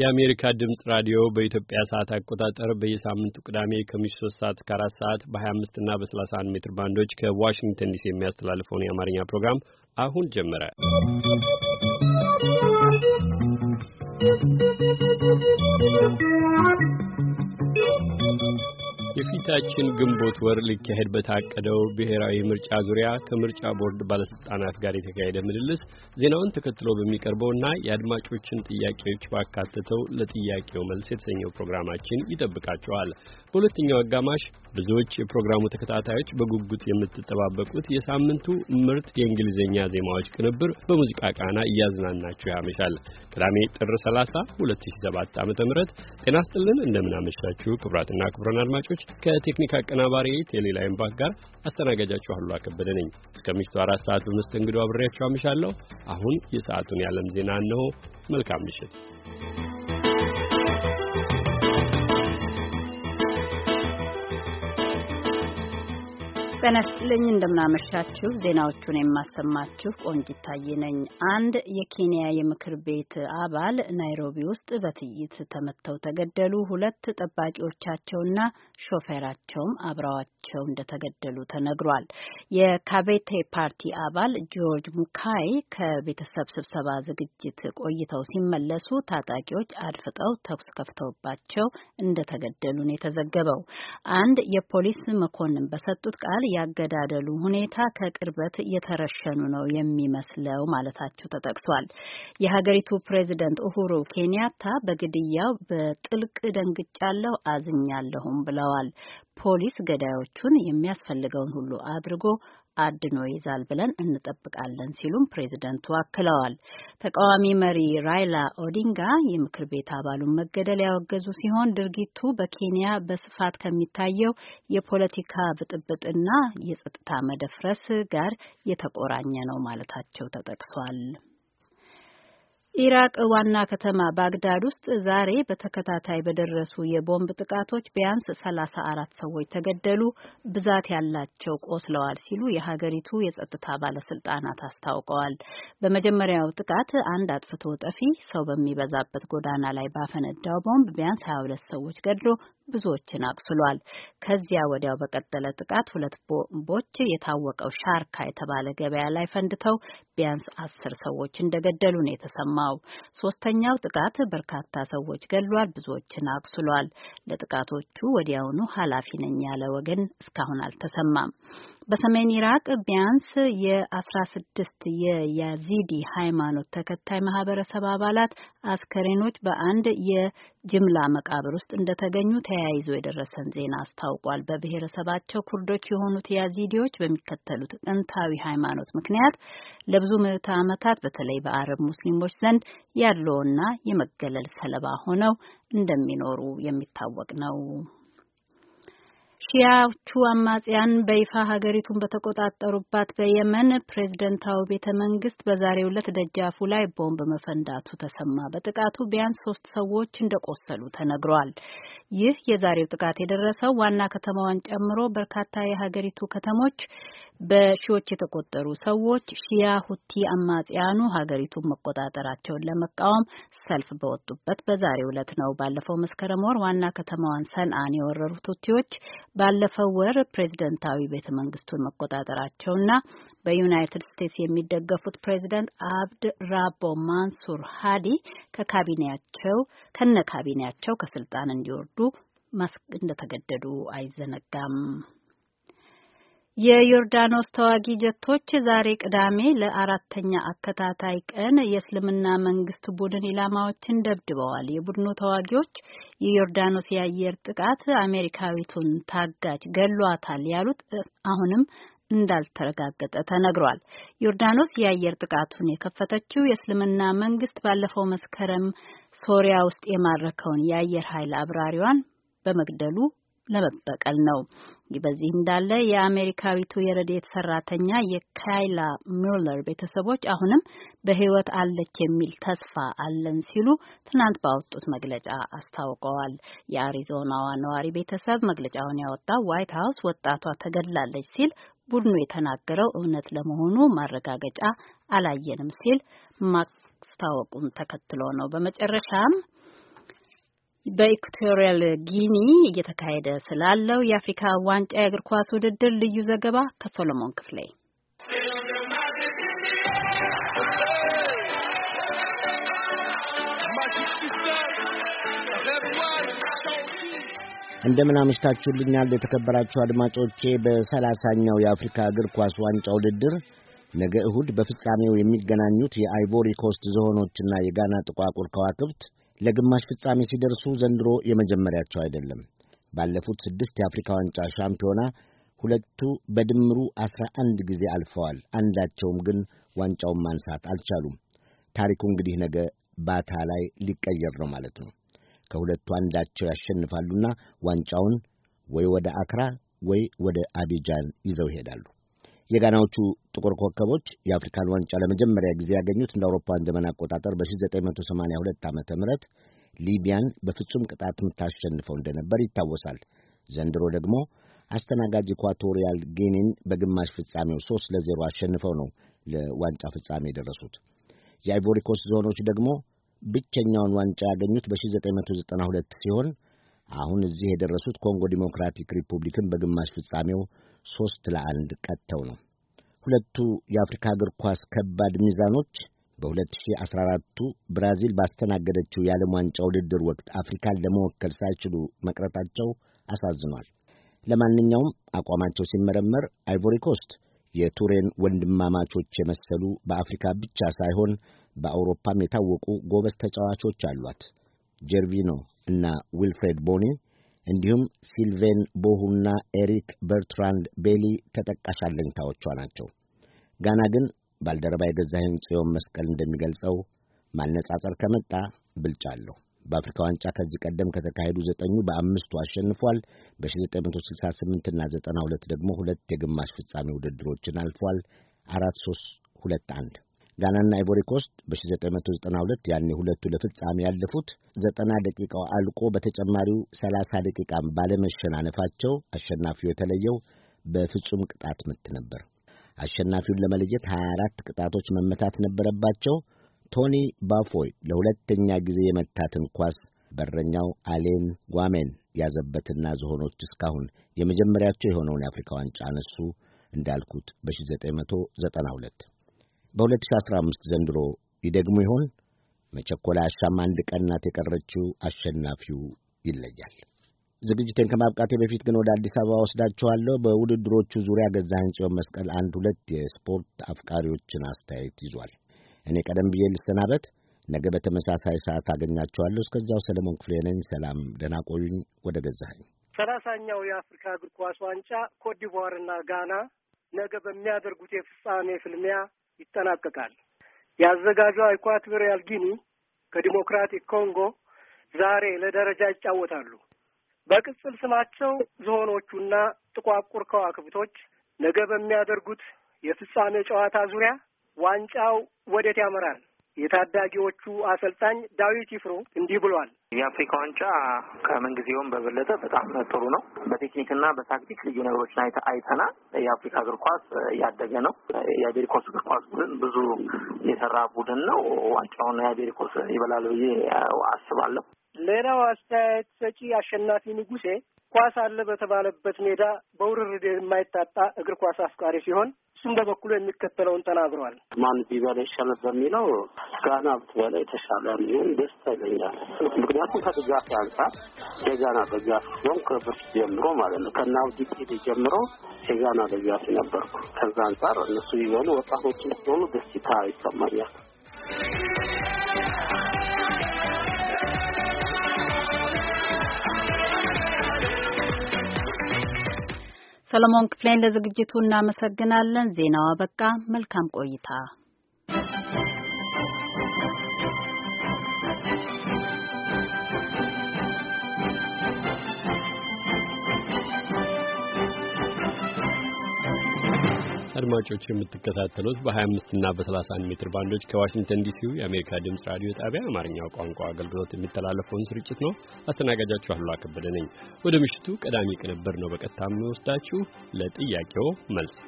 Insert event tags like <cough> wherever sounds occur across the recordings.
የአሜሪካ ድምፅ ራዲዮ በኢትዮጵያ ሰዓት አቆጣጠር በየሳምንቱ ቅዳሜ ከምሽቱ 3 ሰዓት እስከ 4 ሰዓት በ25 እና በ31 ሜትር ባንዶች ከዋሽንግተን ዲሲ የሚያስተላልፈውን የአማርኛ ፕሮግራም አሁን ጀመረ። የፊታችን ግንቦት ወር ሊካሄድ በታቀደው ብሔራዊ ምርጫ ዙሪያ ከምርጫ ቦርድ ባለስልጣናት ጋር የተካሄደ ምልልስ ዜናውን ተከትሎ በሚቀርበውና የአድማጮችን ጥያቄዎች ባካተተው ለጥያቄው መልስ የተሰኘው ፕሮግራማችን ይጠብቃቸዋል። በሁለተኛው አጋማሽ ብዙዎች የፕሮግራሙ ተከታታዮች በጉጉት የምትጠባበቁት የሳምንቱ ምርጥ የእንግሊዝኛ ዜማዎች ቅንብር በሙዚቃ ቃና እያዝናናችሁ ያመሻል። ቅዳሜ ጥር 30 2007 ዓ.ም ጤና ይስጥልን እንደምናመሻችሁ ክቡራትና ክቡራን አድማጮች ከቴክኒክ አቀናባሪ ቴሌላይን ባክ ጋር አስተናጋጃችሁ አሉላ ከበደ ነኝ። እስከ ምሽቱ አራት ሰዓት በመስተንግዶ አብሬያችሁ አምሻለሁ። አሁን የሰዓቱን የዓለም ዜና እነሆ። መልካም ምሽት። ጤና ይስጥልኝ። እንደምናመሻችሁ። ዜናዎቹን የማሰማችሁ ቆንጂት ታዬ ነኝ። አንድ የኬንያ የምክር ቤት አባል ናይሮቢ ውስጥ በጥይት ተመተው ተገደሉ። ሁለት ጠባቂዎቻቸውና ሾፌራቸውም አብረዋቸው እንደተገደሉ ተነግሯል። የካቤቴ ፓርቲ አባል ጆርጅ ሙካይ ከቤተሰብ ስብሰባ ዝግጅት ቆይተው ሲመለሱ ታጣቂዎች አድፍጠው ተኩስ ከፍተውባቸው እንደተገደሉ ነው የተዘገበው። አንድ የፖሊስ መኮንን በሰጡት ቃል ያገዳደሉ ሁኔታ ከቅርበት እየተረሸኑ ነው የሚመስለው ማለታቸው ተጠቅሷል። የሀገሪቱ ፕሬዚደንት ኡሁሩ ኬንያታ በግድያው በጥልቅ ደንግጫለሁ፣ አዝኛለሁም ብለዋል። ፖሊስ ገዳዮቹን የሚያስፈልገውን ሁሉ አድርጎ አድኖ ይዛል ብለን እንጠብቃለን ሲሉም ፕሬዝደንቱ አክለዋል። ተቃዋሚ መሪ ራይላ ኦዲንጋ የምክር ቤት አባሉን መገደል ያወገዙ ሲሆን ድርጊቱ በኬንያ በስፋት ከሚታየው የፖለቲካ ብጥብጥና የጸጥታ መደፍረስ ጋር የተቆራኘ ነው ማለታቸው ተጠቅሷል። ኢራቅ ዋና ከተማ ባግዳድ ውስጥ ዛሬ በተከታታይ በደረሱ የቦምብ ጥቃቶች ቢያንስ ሰላሳ አራት ሰዎች ተገደሉ፣ ብዛት ያላቸው ቆስለዋል ሲሉ የሀገሪቱ የጸጥታ ባለስልጣናት አስታውቀዋል። በመጀመሪያው ጥቃት አንድ አጥፍቶ ጠፊ ሰው በሚበዛበት ጎዳና ላይ ባፈነዳው ቦምብ ቢያንስ ሀያ ሁለት ሰዎች ገድሎ ብዙዎችን አቁስሏል። ከዚያ ወዲያው በቀጠለ ጥቃት ሁለት ቦምቦች የታወቀው ሻርካ የተባለ ገበያ ላይ ፈንድተው ቢያንስ አስር ሰዎች እንደገደሉ ነው የተሰማው። ነው። ሶስተኛው ጥቃት በርካታ ሰዎች ገድሏል፣ ብዙዎችን አቁስሏል። ለጥቃቶቹ ወዲያውኑ ኃላፊ ነኝ ያለ ወገን እስካሁን አልተሰማም። በሰሜን ኢራቅ ቢያንስ የ16 የያዚዲ ሃይማኖት ተከታይ ማህበረሰብ አባላት አስከሬኖች በአንድ የጅምላ መቃብር ውስጥ እንደተገኙ ተያይዞ የደረሰን ዜና አስታውቋል። በብሔረሰባቸው ኩርዶች የሆኑት ያዚዲዎች በሚከተሉት ጥንታዊ ሃይማኖት ምክንያት ለብዙ ምዕተ ዓመታት በተለይ በአረብ ሙስሊሞች ዘንድ ያለውና የመገለል ሰለባ ሆነው እንደሚኖሩ የሚታወቅ ነው። ሺያዎቹ አማጽያን በይፋ ሀገሪቱን በተቆጣጠሩባት በየመን ፕሬዝደንታዊ ቤተ መንግስት በዛሬው ዕለት ደጃፉ ላይ ቦምብ መፈንዳቱ ተሰማ። በጥቃቱ ቢያንስ ሶስት ሰዎች እንደቆሰሉ ተነግሯል። ይህ የዛሬው ጥቃት የደረሰው ዋና ከተማዋን ጨምሮ በርካታ የሀገሪቱ ከተሞች በሺዎች የተቆጠሩ ሰዎች ሺያ ሁቲ አማጽያኑ ሀገሪቱን መቆጣጠራቸውን ለመቃወም ሰልፍ በወጡበት በዛሬው ዕለት ነው። ባለፈው መስከረም ወር ዋና ከተማዋን ሰንአን የወረሩት ሁቲዎች ባለፈው ወር ፕሬዝደንታዊ ቤተ መንግስቱን መቆጣጠራቸውና በዩናይትድ ስቴትስ የሚደገፉት ፕሬዝደንት አብድ ራቦ ማንሱር ሀዲ ከካቢኔያቸው ከነ ካቢኔያቸው ከስልጣን እንዲወርዱ እንደተገደዱ አይዘነጋም። የዮርዳኖስ ተዋጊ ጀቶች ዛሬ ቅዳሜ ለአራተኛ አከታታይ ቀን የእስልምና መንግስት ቡድን ኢላማዎችን ደብድበዋል። የቡድኑ ተዋጊዎች የዮርዳኖስ የአየር ጥቃት አሜሪካዊቱን ታጋጅ ገሏታል ያሉት አሁንም እንዳልተረጋገጠ ተነግሯል። ዮርዳኖስ የአየር ጥቃቱን የከፈተችው የእስልምና መንግስት ባለፈው መስከረም ሶሪያ ውስጥ የማረከውን የአየር ኃይል አብራሪዋን በመግደሉ ለመበቀል ነው። በዚህ እንዳለ የአሜሪካዊቱ የረዴት ሰራተኛ የካይላ ሚለር ቤተሰቦች አሁንም በሕይወት አለች የሚል ተስፋ አለን ሲሉ ትናንት ባወጡት መግለጫ አስታውቀዋል። የአሪዞናዋ ነዋሪ ቤተሰብ መግለጫውን ያወጣው ዋይት ሀውስ ወጣቷ ተገድላለች ሲል ቡድኑ የተናገረው እውነት ለመሆኑ ማረጋገጫ አላየንም ሲል ማስታወቁን ተከትሎ ነው። በመጨረሻም በኢኳቶሪያል ጊኒ እየተካሄደ ስላለው የአፍሪካ ዋንጫ የእግር ኳስ ውድድር ልዩ ዘገባ ከሶሎሞን ክፍሌ። እንደምን አመሽታችሁልኛል የተከበራችሁ አድማጮቼ። በሰላሳኛው የአፍሪካ እግር ኳስ ዋንጫ ውድድር ነገ እሁድ በፍጻሜው የሚገናኙት የአይቮሪ ኮስት ዝሆኖችና የጋና ጥቋቁር ከዋክብት ለግማሽ ፍጻሜ ሲደርሱ ዘንድሮ የመጀመሪያቸው አይደለም። ባለፉት ስድስት የአፍሪካ ዋንጫ ሻምፒዮና ሁለቱ በድምሩ አስራ አንድ ጊዜ አልፈዋል። አንዳቸውም ግን ዋንጫውን ማንሳት አልቻሉም። ታሪኩ እንግዲህ ነገ ባታ ላይ ሊቀየር ነው ማለት ነው። ከሁለቱ አንዳቸው ያሸንፋሉና ዋንጫውን ወይ ወደ አክራ ወይ ወደ አቢጃን ይዘው ይሄዳሉ። የጋናዎቹ ጥቁር ኮከቦች የአፍሪካን ዋንጫ ለመጀመሪያ ጊዜ ያገኙት እንደ አውሮፓውያን ዘመን አቆጣጠር በ1982 ዓ ም ሊቢያን በፍጹም ቅጣት የምታሸንፈው እንደነበር ይታወሳል። ዘንድሮ ደግሞ አስተናጋጅ ኢኳቶሪያል ጊኒን በግማሽ ፍጻሜው ሶስት ለዜሮ አሸንፈው ነው ለዋንጫ ፍጻሜ የደረሱት። የአይቮሪኮስ ዞኖች ደግሞ ብቸኛውን ዋንጫ ያገኙት በ1992 ሲሆን አሁን እዚህ የደረሱት ኮንጎ ዲሞክራቲክ ሪፑብሊክን በግማሽ ፍጻሜው ሦስት ለአንድ ቀጥተው ነው። ሁለቱ የአፍሪካ እግር ኳስ ከባድ ሚዛኖች በ2014ቱ ብራዚል ባስተናገደችው የዓለም ዋንጫ ውድድር ወቅት አፍሪካን ለመወከል ሳይችሉ መቅረታቸው አሳዝኗል። ለማንኛውም አቋማቸው ሲመረመር አይቮሪ ኮስት የቱሬን ወንድማማቾች የመሰሉ በአፍሪካ ብቻ ሳይሆን በአውሮፓም የታወቁ ጎበዝ ተጫዋቾች አሏት። ጀርቪኖ እና ዊልፍሬድ ቦኔ። እንዲሁም ሲልቬን ቦሁና ኤሪክ በርትራንድ ቤሊ ተጠቃሽ አለኝታዎቿ ናቸው። ጋና ግን ባልደረባ የገዛህን ጽዮን መስቀል እንደሚገልጸው ማነጻጸር ከመጣ ብልጫ አለሁ። በአፍሪካ ዋንጫ ከዚህ ቀደም ከተካሄዱ ዘጠኙ በአምስቱ አሸንፏል። በ1968 እና 92 ደግሞ ሁለት የግማሽ ፍጻሜ ውድድሮችን አልፏል። አራት ሶስት ሁለት አንድ ጋናና ኮስት በ1992 ያኔ ሁለቱ ለፍጻሜ ያለፉት ዘጠና ደቂቃው አልቆ በተጨማሪው 30 ደቂቃም ባለመሸናነፋቸው አሸናፊው የተለየው በፍጹም ቅጣት ምት ነበር። አሸናፊውን ለመለየት 24 ቅጣቶች መመታት ነበረባቸው። ቶኒ ባፎይ ለሁለተኛ ጊዜ የመታትን ኳስ በረኛው አሌን ጓሜን ያዘበትና ዝሆኖች እስካሁን የመጀመሪያቸው የሆነውን የአፍሪካ ዋንጫ አነሱ። እንዳልኩት በ1992 በ2015 ዘንድሮ ይደግሙ ይሆን? መቸኮል አያሻም። አንድ ቀናት የቀረችው። አሸናፊው ይለያል። ዝግጅትን ከማብቃቴ በፊት ግን ወደ አዲስ አበባ ወስዳችኋለሁ። በውድድሮቹ ዙሪያ ገዛኸኝ ጽዮን መስቀል አንድ ሁለት የስፖርት አፍቃሪዎችን አስተያየት ይዟል። እኔ ቀደም ብዬ ልሰናበት። ነገ በተመሳሳይ ሰዓት አገኛችኋለሁ። እስከዚያው ሰለሞን ክፍሌ ነኝ። ሰላም፣ ደህና ቆዩኝ። ወደ ገዛኸኝ ሰላሳኛው የአፍሪካ እግር ኳስ ዋንጫ ኮትዲቯርና ጋና ነገ በሚያደርጉት የፍጻሜ ፍልሚያ ይጠናቀቃል። የአዘጋጇ ኢኳቶሪያል ጊኒ ከዲሞክራቲክ ኮንጎ ዛሬ ለደረጃ ይጫወታሉ። በቅጽል ስማቸው ዝሆኖቹና ጥቋቁር ከዋክብቶች ነገ በሚያደርጉት የፍጻሜ ጨዋታ ዙሪያ ዋንጫው ወዴት ያመራል? የታዳጊዎቹ አሰልጣኝ ዳዊት ይፍሩ እንዲህ ብሏል። የአፍሪካ ዋንጫ ከምን ጊዜውም በበለጠ በጣም ጥሩ ነው። በቴክኒክና በታክቲክ ልዩ ነገሮችን አይተናል። የአፍሪካ እግር ኳስ እያደገ ነው። የአቤሪኮስ እግር ኳስ ቡድን ብዙ የሰራ ቡድን ነው። ዋንጫውን የአቤሪኮስ ይበላል ብዬ አስባለሁ። ሌላው አስተያየት ሰጪ አሸናፊ ንጉሴ ኳስ አለ በተባለበት ሜዳ በውርርድ የማይታጣ እግር ኳስ አፍቃሪ ሲሆን እሱም በበኩሉ የሚከተለውን ተናግሯል። ማን ቢበላ ይሻላል በሚለው ጋና ብትበላ የተሻለ ሚሆን ደስ ይለኛል። ምክንያቱም ከድጋፍ አንጻር የጋና ደጋፊ ሲሆን ከብርት ጀምሮ ማለት ነው ከናውዲ ቴዴ ጀምሮ የጋና ደጋፊ ነበርኩ። ከዛ አንጻር እነሱ ቢበሉ ወጣቶችን ሲሆኑ ደስታ ይሰማኛል። ሰለሞን ክፍሌን ለዝግጅቱ እናመሰግናለን። ዜናዋ በቃ። መልካም ቆይታ አድማጮች የምትከታተሉት በ25 እና በ31 ሜትር ባንዶች ከዋሽንግተን ዲሲው የአሜሪካ ድምፅ ራዲዮ ጣቢያ አማርኛው ቋንቋ አገልግሎት የሚተላለፈውን ስርጭት ነው። አስተናጋጃችሁ አሉላ ከበደ ነኝ። ወደ ምሽቱ ቀዳሚ ቅንብር ነው በቀጥታ የምንወስዳችሁ። ለጥያቄው መልስ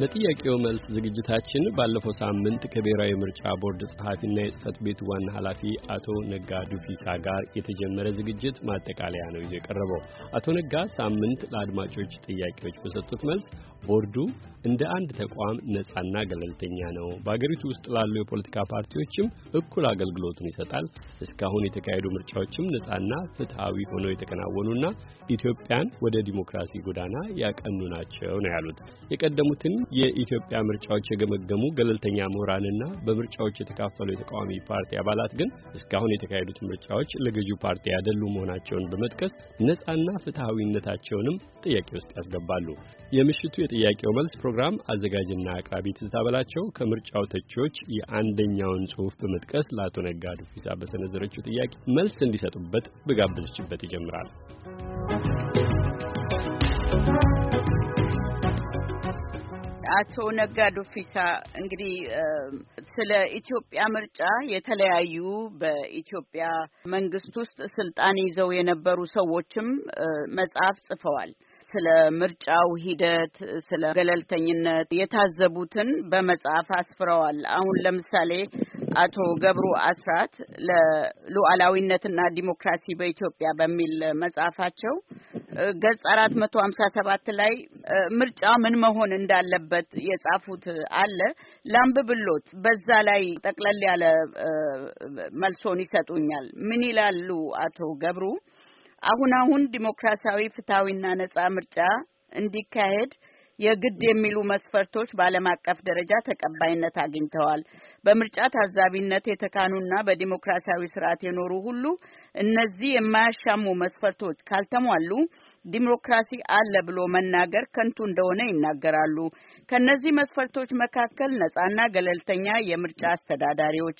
ለጥያቄው መልስ ዝግጅታችን ባለፈው ሳምንት ከብሔራዊ ምርጫ ቦርድ ጸሐፊና የጽህፈት ቤቱ ዋና ኃላፊ አቶ ነጋ ዱፊሳ ጋር የተጀመረ ዝግጅት ማጠቃለያ ነው ይዞ የቀረበው። አቶ ነጋ ሳምንት ለአድማጮች ጥያቄዎች በሰጡት መልስ ቦርዱ እንደ አንድ ተቋም ነጻና ገለልተኛ ነው፣ በአገሪቱ ውስጥ ላሉ የፖለቲካ ፓርቲዎችም እኩል አገልግሎቱን ይሰጣል፣ እስካሁን የተካሄዱ ምርጫዎችም ነጻና ፍትሐዊ ሆነው የተከናወኑና ኢትዮጵያን ወደ ዲሞክራሲ ጎዳና ያቀኑ ናቸው ነው ያሉት። የቀደሙትን የኢትዮጵያ ምርጫዎች የገመገሙ ገለልተኛ ምሁራንና በምርጫዎች የተካፈሉ የተቃዋሚ ፓርቲ አባላት ግን እስካሁን የተካሄዱት ምርጫዎች ለገዢው ፓርቲ ያደሉ መሆናቸውን በመጥቀስ ነፃና ፍትሐዊነታቸውንም ጥያቄ ውስጥ ያስገባሉ። የምሽቱ የጥያቄው መልስ ፕሮግራም አዘጋጅና አቅራቢ ትዝታ በላቸው ከምርጫው ተቺዎች የአንደኛውን ጽሑፍ በመጥቀስ ለአቶ ነጋ ዱፊሳ በሰነዘረችው ጥያቄ መልስ እንዲሰጡበት ብጋብዝችበት ይጀምራል። አቶ ነጋ ዱፊሳ እንግዲህ ስለ ኢትዮጵያ ምርጫ የተለያዩ በኢትዮጵያ መንግስት ውስጥ ስልጣን ይዘው የነበሩ ሰዎችም መጽሐፍ ጽፈዋል። ስለ ምርጫው ሂደት፣ ስለ ገለልተኝነት የታዘቡትን በመጽሐፍ አስፍረዋል። አሁን ለምሳሌ አቶ ገብሩ አስራት ለሉዓላዊነትና ዲሞክራሲ በኢትዮጵያ በሚል መጽሐፋቸው ገጽ አራት መቶ ሀምሳ ሰባት ላይ ምርጫ ምን መሆን እንዳለበት የጻፉት አለ ብሎት በዛ ላይ ጠቅለል ያለ መልሶን ይሰጡኛል። ምን ይላሉ አቶ ገብሩ? አሁን አሁን ዲሞክራሲያዊ ፍትሐዊና ነጻ ምርጫ እንዲካሄድ የግድ የሚሉ መስፈርቶች በዓለም አቀፍ ደረጃ ተቀባይነት አግኝተዋል። በምርጫ ታዛቢነት የተካኑና በዲሞክራሲያዊ ስርዓት የኖሩ ሁሉ እነዚህ የማያሻሙ መስፈርቶች ካልተሟሉ ዲሞክራሲ አለ ብሎ መናገር ከንቱ እንደሆነ ይናገራሉ። ከነዚህ መስፈርቶች መካከል ነጻና ገለልተኛ የምርጫ አስተዳዳሪዎች፣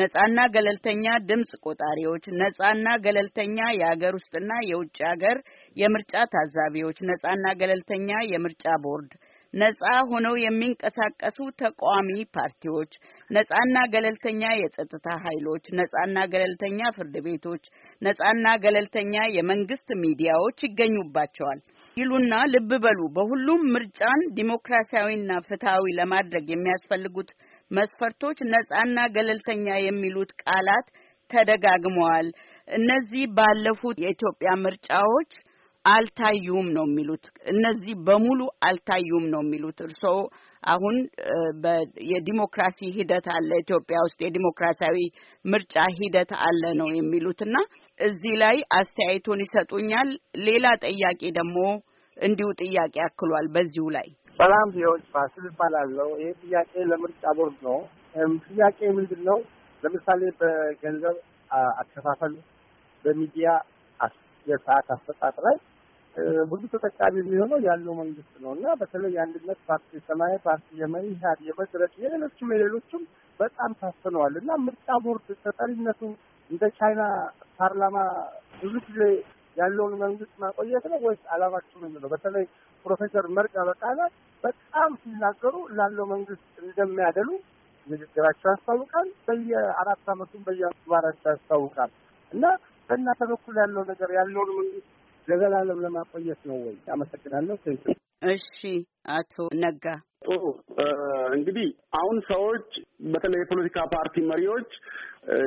ነጻና ገለልተኛ ድምፅ ቆጣሪዎች፣ ነጻና ገለልተኛ የአገር ውስጥና የውጭ አገር የምርጫ ታዛቢዎች፣ ነጻና ገለልተኛ የምርጫ ቦርድ፣ ነጻ ሆነው የሚንቀሳቀሱ ተቃዋሚ ፓርቲዎች፣ ነጻና ገለልተኛ የጸጥታ ኃይሎች፣ ነጻና ገለልተኛ ፍርድ ቤቶች፣ ነጻና ገለልተኛ የመንግስት ሚዲያዎች ይገኙባቸዋል ይሉና ልብ በሉ፣ በሁሉም ምርጫን ዲሞክራሲያዊና ፍትሐዊ ለማድረግ የሚያስፈልጉት መስፈርቶች ነጻና ገለልተኛ የሚሉት ቃላት ተደጋግመዋል። እነዚህ ባለፉት የኢትዮጵያ ምርጫዎች አልታዩም ነው የሚሉት። እነዚህ በሙሉ አልታዩም ነው የሚሉት። እርስዎ አሁን የዲሞክራሲ ሂደት አለ ኢትዮጵያ ውስጥ የዲሞክራሲያዊ ምርጫ ሂደት አለ ነው የሚሉትና እዚህ ላይ አስተያየቱን ይሰጡኛል። ሌላ ጥያቄ ደግሞ እንዲሁ ጥያቄ አክሏል በዚሁ ላይ ሰላም ቢዎች ፋሲል ይባላለው። ይህ ጥያቄ ለምርጫ ቦርድ ነው። ጥያቄ ምንድን ነው? ለምሳሌ በገንዘብ አከፋፈል፣ በሚዲያ የሰዓት አሰጣጥ ላይ ብዙ ተጠቃሚ የሚሆነው ያለው መንግስት ነው እና በተለይ የአንድነት ፓርቲ፣ ሰማያዊ ፓርቲ፣ የመሪ ሀድ፣ የመድረክ የሌሎችም የሌሎችም በጣም ታስነዋል እና ምርጫ ቦርድ ተጠሪነቱ እንደ ቻይና ፓርላማ ብዙ ጊዜ ያለውን መንግስት ማቆየት ነው ወይስ አላማችሁ ምንድን ነው? በተለይ ፕሮፌሰር መርጋ በቃለ በጣም ሲናገሩ ላለው መንግስት እንደሚያደሉ ንግግራቸው ያስታውቃል። በየአራት አመቱም በየአስባራቸው ያስታውቃል እና በእናተ በኩል ያለው ነገር ያለውን መንግስት ለዘላለም ለማቆየት ነው ወይ? አመሰግናለሁ። እሺ፣ አቶ ነጋ ጥሩ እንግዲህ አሁን ሰዎች በተለይ የፖለቲካ ፓርቲ መሪዎች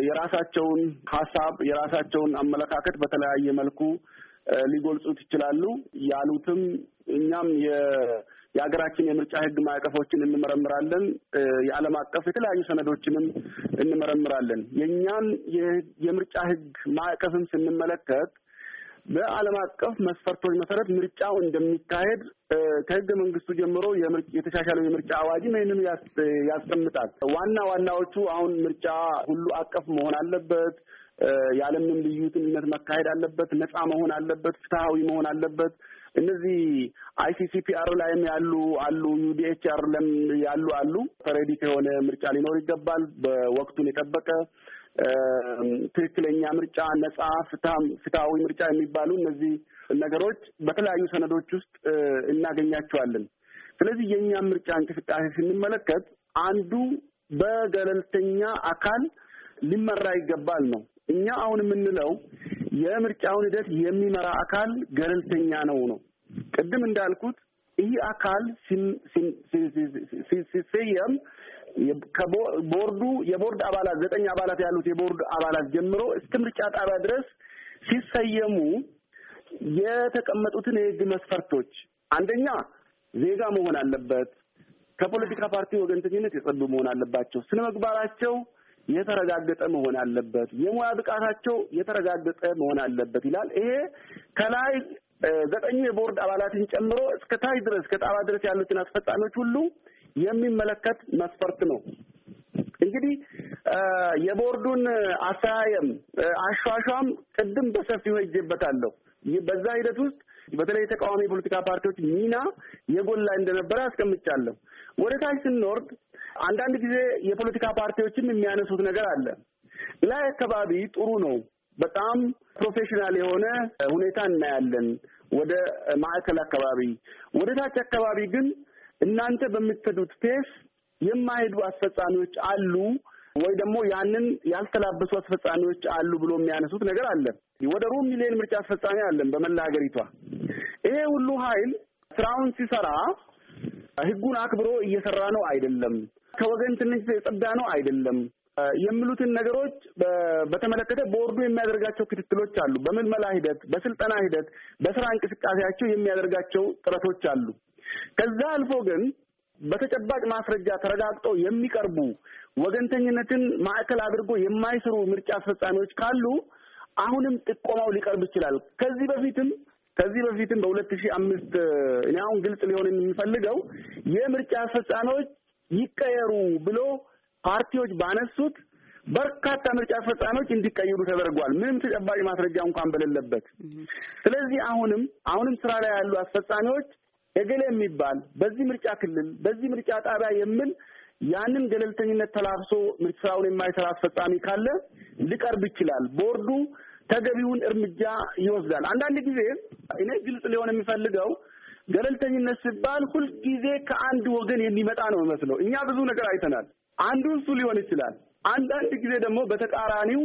የራሳቸውን ሀሳብ የራሳቸውን አመለካከት በተለያየ መልኩ ሊጎልጹት ይችላሉ ያሉትም እኛም የሀገራችን የምርጫ ህግ ማዕቀፎችን እንመረምራለን። የዓለም አቀፍ የተለያዩ ሰነዶችንም እንመረምራለን። የእኛን የምርጫ ህግ ማዕቀፍም ስንመለከት በዓለም አቀፍ መስፈርቶች መሰረት ምርጫው እንደሚካሄድ ከህገ መንግስቱ ጀምሮ የተሻሻለው የምርጫ አዋጅም ይህንኑ ያስቀምጣል። ዋና ዋናዎቹ አሁን ምርጫ ሁሉ አቀፍ መሆን አለበት፣ ያለምንም ልዩ ትንነት መካሄድ አለበት፣ ነፃ መሆን አለበት፣ ፍትሐዊ መሆን አለበት። እነዚህ አይሲሲፒአር ላይም ያሉ አሉ፣ ዩዲኤችአር ለም ያሉ አሉ። ፐሬዲክ የሆነ ምርጫ ሊኖር ይገባል፣ በወቅቱን የጠበቀ ትክክለኛ ምርጫ፣ ነጻ፣ ፍትሐዊ ምርጫ የሚባሉ እነዚህ ነገሮች በተለያዩ ሰነዶች ውስጥ እናገኛቸዋለን። ስለዚህ የእኛም ምርጫ እንቅስቃሴ ስንመለከት አንዱ በገለልተኛ አካል ሊመራ ይገባል ነው። እኛ አሁን የምንለው የምርጫውን ሂደት የሚመራ አካል ገለልተኛ ነው ነው። ቅድም እንዳልኩት ይህ አካል ሲሰየም ከቦርዱ የቦርድ አባላት ዘጠኝ አባላት ያሉት የቦርድ አባላት ጀምሮ እስከ ምርጫ ጣቢያ ድረስ ሲሰየሙ የተቀመጡትን የህግ መስፈርቶች አንደኛ ዜጋ መሆን አለበት፣ ከፖለቲካ ፓርቲ ወገንተኝነት የጸዱ መሆን አለባቸው፣ ስነ ምግባራቸው የተረጋገጠ መሆን አለበት፣ የሙያ ብቃታቸው የተረጋገጠ መሆን አለበት ይላል። ይሄ ከላይ ዘጠኙ የቦርድ አባላትን ጨምሮ እስከ ታች ድረስ ከጣባ ድረስ ያሉትን አስፈጻሚዎች ሁሉ የሚመለከት መስፈርት ነው። እንግዲህ የቦርዱን አሰያየም አሿሿም ቅድም በሰፊው ሄጄበታለሁ። በዛ ሂደት ውስጥ በተለይ የተቃዋሚ የፖለቲካ ፓርቲዎች ሚና የጎላ እንደነበረ አስቀምጫለሁ። ወደ ታች ስንወርድ አንዳንድ ጊዜ የፖለቲካ ፓርቲዎችም የሚያነሱት ነገር አለ። ላይ አካባቢ ጥሩ ነው፣ በጣም ፕሮፌሽናል የሆነ ሁኔታ እናያለን። ወደ ማዕከል አካባቢ፣ ወደ ታች አካባቢ ግን እናንተ በምትሄዱት ፔስ የማይሄዱ አስፈጻሚዎች አሉ ወይ ደግሞ ያንን ያልተላበሱ አስፈጻሚዎች አሉ ብሎ የሚያነሱት ነገር አለ። ወደ ሩብ ሚሊዮን ምርጫ አስፈጻሚ አለን በመላ ሀገሪቷ። ይሄ ሁሉ ኃይል ስራውን ሲሰራ ህጉን አክብሮ እየሰራ ነው አይደለም፣ ከወገን ትንሽ የጸዳ ነው አይደለም የሚሉትን ነገሮች በተመለከተ ቦርዱ የሚያደርጋቸው ክትትሎች አሉ። በምልመላ ሂደት፣ በስልጠና ሂደት፣ በስራ እንቅስቃሴያቸው የሚያደርጋቸው ጥረቶች አሉ። ከዛ አልፎ ግን በተጨባጭ ማስረጃ ተረጋግጦ የሚቀርቡ ወገንተኝነትን ማዕከል አድርጎ የማይሰሩ ምርጫ አስፈጻሚዎች ካሉ አሁንም ጥቆማው ሊቀርብ ይችላል። ከዚህ በፊትም ከዚህ በፊትም በሁለት ሺህ አምስት እኔ አሁን ግልጽ ሊሆን የምፈልገው የምርጫ አስፈጻሚዎች ይቀየሩ ብሎ ፓርቲዎች ባነሱት በርካታ ምርጫ አስፈጻሚዎች እንዲቀየሩ ተደርጓል፣ ምንም ተጨባጭ ማስረጃ እንኳን በሌለበት። ስለዚህ አሁንም አሁንም ስራ ላይ ያሉ አስፈጻሚዎች እገሌ የሚባል በዚህ ምርጫ ክልል በዚህ ምርጫ ጣቢያ የሚል ያንን ገለልተኝነት ተላብሶ ምርጫውን የማይሰራ አስፈጻሚ ካለ ሊቀርብ ይችላል። ቦርዱ ተገቢውን እርምጃ ይወስዳል። አንዳንድ ጊዜ እኔ ግልጽ ሊሆን የሚፈልገው ገለልተኝነት ሲባል ሁልጊዜ ከአንድ ወገን የሚመጣ ነው መስለው እኛ ብዙ ነገር አይተናል። አንዱ እሱ ሊሆን ይችላል። አንዳንድ ጊዜ ደግሞ በተቃራኒው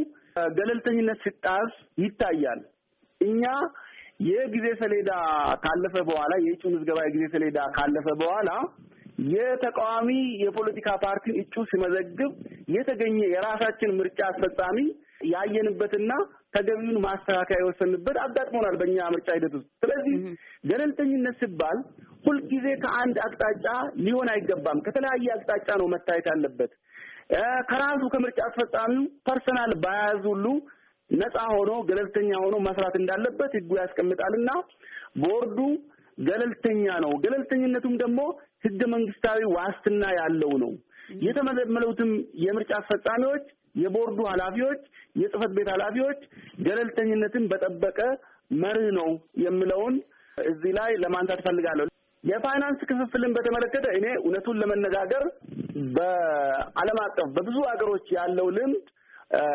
ገለልተኝነት ሲጣስ ይታያል። እኛ የጊዜ ሰሌዳ ካለፈ በኋላ የእጩ ምዝገባ የጊዜ ሰሌዳ ካለፈ በኋላ የተቃዋሚ የፖለቲካ ፓርቲ እጩ ሲመዘግብ የተገኘ የራሳችን ምርጫ አስፈጻሚ ያየንበትና ተገቢውን ማስተካከያ የወሰንበት አጋጥሞናል በእኛ ምርጫ ሂደት ውስጥ። ስለዚህ ገለልተኝነት ሲባል ሁልጊዜ ከአንድ አቅጣጫ ሊሆን አይገባም። ከተለያየ አቅጣጫ ነው መታየት ያለበት። ከራሱ ከምርጫ አስፈጻሚው ፐርሰናል ባያዝ ሁሉ ነፃ ሆኖ ገለልተኛ ሆኖ መስራት እንዳለበት ህጉ ያስቀምጣልና ቦርዱ ገለልተኛ ነው። ገለልተኝነቱም ደግሞ ህገ መንግስታዊ ዋስትና ያለው ነው። የተመለመሉትም የምርጫ አስፈጻሚዎች፣ የቦርዱ ኃላፊዎች፣ የጽህፈት ቤት ኃላፊዎች ገለልተኝነትን በጠበቀ መርህ ነው የምለውን እዚህ ላይ ለማንሳት ፈልጋለሁ። የፋይናንስ ክፍፍልን በተመለከተ እኔ እውነቱን ለመነጋገር በዓለም አቀፍ በብዙ ሀገሮች ያለው ልምድ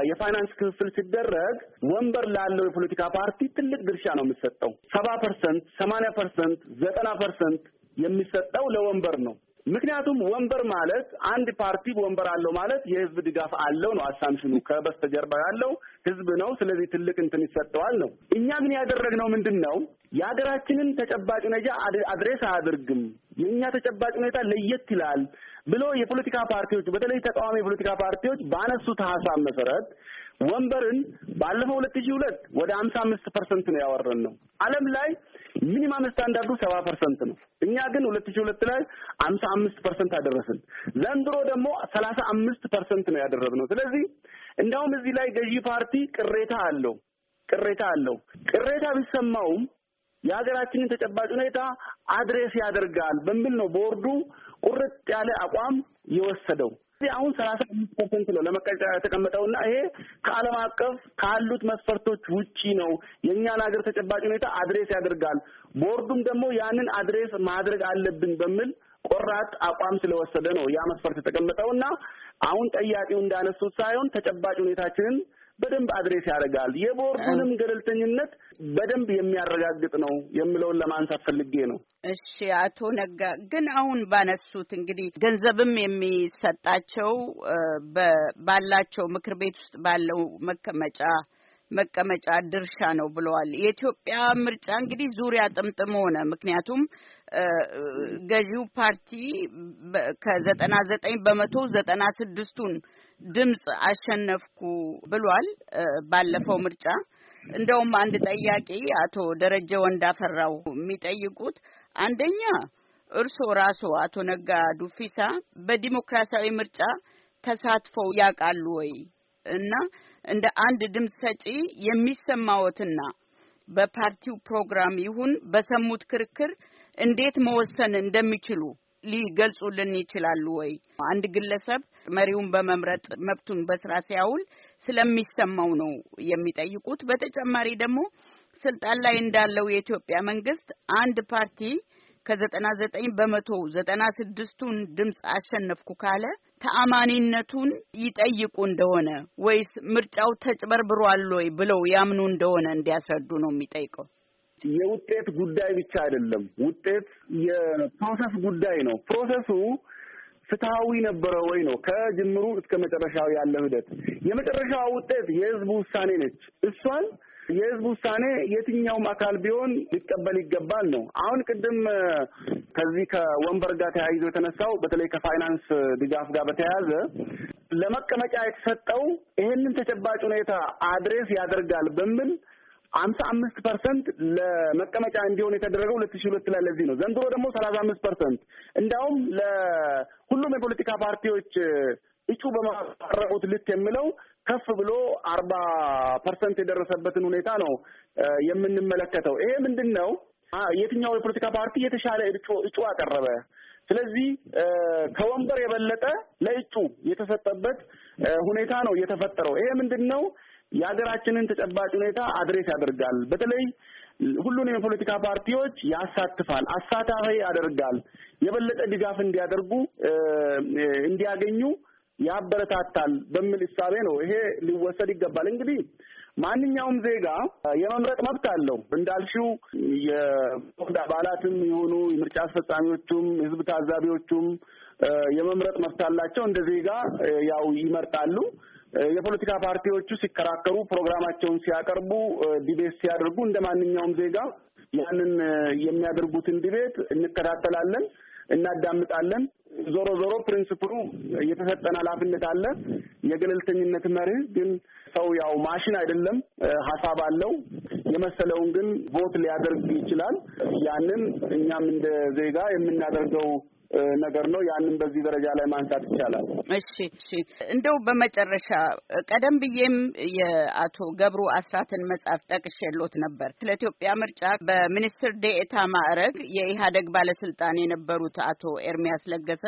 የፋይናንስ ክፍፍል ሲደረግ ወንበር ላለው የፖለቲካ ፓርቲ ትልቅ ድርሻ ነው የሚሰጠው። ሰባ ፐርሰንት፣ ሰማንያ ፐርሰንት፣ ዘጠና ፐርሰንት የሚሰጠው ለወንበር ነው። ምክንያቱም ወንበር ማለት አንድ ፓርቲ ወንበር አለው ማለት የህዝብ ድጋፍ አለው ነው። አሳምሽኑ ከበስተጀርባ ያለው ህዝብ ነው። ስለዚህ ትልቅ እንትን ይሰጠዋል ነው። እኛ ግን ያደረግነው ምንድን ነው? የሀገራችንን ተጨባጭ ሁኔታ አድሬስ አያደርግም። የእኛ ተጨባጭ ሁኔታ ለየት ይላል። ብሎ የፖለቲካ ፓርቲዎች በተለይ ተቃዋሚ የፖለቲካ ፓርቲዎች ባነሱት ሀሳብ መሰረት ወንበርን ባለፈው ሁለት ሺህ ሁለት ወደ ሀምሳ አምስት ፐርሰንት ነው ያወረን ነው። ዓለም ላይ ሚኒማም ስታንዳርዱ ሰባ ፐርሰንት ነው። እኛ ግን ሁለት ሺህ ሁለት ላይ ሀምሳ አምስት ፐርሰንት አደረስን። ዘንድሮ ደግሞ ሰላሳ አምስት ፐርሰንት ነው ያደረግነው። ስለዚህ እንዲያውም እዚህ ላይ ገዢ ፓርቲ ቅሬታ አለው ቅሬታ አለው። ቅሬታ ቢሰማውም የሀገራችንን ተጨባጭ ሁኔታ አድሬስ ያደርጋል በሚል ነው ቦርዱ ቁርጥ ያለ አቋም የወሰደው አሁን ሰላሳ አምስት ፐርሰንት ነው ለመቀጫ የተቀመጠውና ይሄ ከዓለም አቀፍ ካሉት መስፈርቶች ውጪ ነው። የእኛን ሀገር ተጨባጭ ሁኔታ አድሬስ ያደርጋል። ቦርዱም ደግሞ ያንን አድሬስ ማድረግ አለብን በሚል ቆራጥ አቋም ስለወሰደ ነው ያ መስፈርት የተቀመጠውና አሁን ጠያቂው እንዳነሱት ሳይሆን ተጨባጭ ሁኔታችንን በደንብ አድሬስ ያደርጋል። የቦርዱንም ገለልተኝነት በደንብ የሚያረጋግጥ ነው የሚለውን ለማንሳት ፈልጌ ነው። እሺ አቶ ነጋ ግን አሁን ባነሱት እንግዲህ ገንዘብም የሚሰጣቸው ባላቸው ምክር ቤት ውስጥ ባለው መቀመጫ መቀመጫ ድርሻ ነው ብለዋል። የኢትዮጵያ ምርጫ እንግዲህ ዙሪያ ጥምጥም ሆነ። ምክንያቱም ገዢው ፓርቲ ከዘጠና ዘጠኝ በመቶ ዘጠና ስድስቱን ድምፅ አሸነፍኩ ብሏል ባለፈው ምርጫ። እንደውም አንድ ጠያቂ አቶ ደረጀ ወንዳፈራው የሚጠይቁት አንደኛ እርስዎ ራስዎ አቶ ነጋ ዱፊሳ በዲሞክራሲያዊ ምርጫ ተሳትፈው ያውቃሉ ወይ እና እንደ አንድ ድምፅ ሰጪ የሚሰማዎትና በፓርቲው ፕሮግራም ይሁን በሰሙት ክርክር እንዴት መወሰን እንደሚችሉ ሊገልጹልን ይችላሉ ወይ? አንድ ግለሰብ መሪውን በመምረጥ መብቱን በስራ ሲያውል ስለሚሰማው ነው የሚጠይቁት። በተጨማሪ ደግሞ ስልጣን ላይ እንዳለው የኢትዮጵያ መንግስት አንድ ፓርቲ ከዘጠና ዘጠኝ በመቶ ዘጠና ስድስቱን ድምፅ አሸነፍኩ ካለ ተአማኒነቱን ይጠይቁ እንደሆነ ወይስ ምርጫው ተጭበርብሯል ወይ ብለው ያምኑ እንደሆነ እንዲያስረዱ ነው የሚጠይቀው። የውጤት ጉዳይ ብቻ አይደለም። ውጤት የፕሮሰስ ጉዳይ ነው። ፕሮሰሱ ፍትሐዊ ነበረ ወይ ነው ከጅምሩ እስከ መጨረሻው ያለ ሂደት። የመጨረሻው ውጤት የህዝቡ ውሳኔ ነች። እሷን የህዝብ ውሳኔ የትኛውም አካል ቢሆን ሊቀበል ይገባል ነው። አሁን ቅድም ከዚህ ከወንበር ጋር ተያይዞ የተነሳው በተለይ ከፋይናንስ ድጋፍ ጋር በተያያዘ ለመቀመጫ የተሰጠው ይህንን ተጨባጭ ሁኔታ አድሬስ ያደርጋል በሚል አምሳ አምስት ፐርሰንት ለመቀመጫ እንዲሆን የተደረገው ሁለት ሺ ሁለት ላይ ለዚህ ነው። ዘንድሮ ደግሞ ሰላሳ አምስት ፐርሰንት እንዲያውም ለሁሉም የፖለቲካ ፓርቲዎች እጩ በማቀረቡት ልክ የሚለው ከፍ ብሎ አርባ ፐርሰንት የደረሰበትን ሁኔታ ነው የምንመለከተው። ይሄ ምንድን ነው? የትኛው የፖለቲካ ፓርቲ የተሻለ እጩ አቀረበ? ስለዚህ ከወንበር የበለጠ ለእጩ የተሰጠበት ሁኔታ ነው የተፈጠረው። ይሄ ምንድን ነው የሀገራችንን ተጨባጭ ሁኔታ አድሬስ ያደርጋል። በተለይ ሁሉንም የፖለቲካ ፓርቲዎች ያሳትፋል፣ አሳታፊ ያደርጋል። የበለጠ ድጋፍ እንዲያደርጉ እንዲያገኙ ያበረታታል በሚል እሳቤ ነው ይሄ ሊወሰድ ይገባል። እንግዲህ ማንኛውም ዜጋ የመምረጥ መብት አለው። እንዳልሽው የቦርድ አባላትም የሆኑ የምርጫ አስፈጻሚዎቹም የህዝብ ታዛቢዎቹም የመምረጥ መብት አላቸው። እንደ ዜጋ ያው ይመርጣሉ። የፖለቲካ ፓርቲዎቹ ሲከራከሩ፣ ፕሮግራማቸውን ሲያቀርቡ፣ ዲቤት ሲያደርጉ እንደ ማንኛውም ዜጋ ያንን የሚያደርጉትን ዲቤት እንከታተላለን፣ እናዳምጣለን። ዞሮ ዞሮ ፕሪንስፕሉ የተሰጠን ኃላፊነት አለ። የገለልተኝነት መርህ ግን ሰው ያው ማሽን አይደለም፣ ሀሳብ አለው። የመሰለውን ግን ቮት ሊያደርግ ይችላል። ያንን እኛም እንደ ዜጋ የምናደርገው ነገር ነው። ያንን በዚህ ደረጃ ላይ ማንሳት ይቻላል። እሺ፣ እሺ። እንደው በመጨረሻ ቀደም ብዬም የአቶ ገብሩ አስራትን መጽሐፍ ጠቅሼሎት ነበር። ስለ ኢትዮጵያ ምርጫ በሚኒስትር ዴኤታ ማዕረግ የኢህአደግ ባለስልጣን የነበሩት አቶ ኤርሚያስ ለገሰ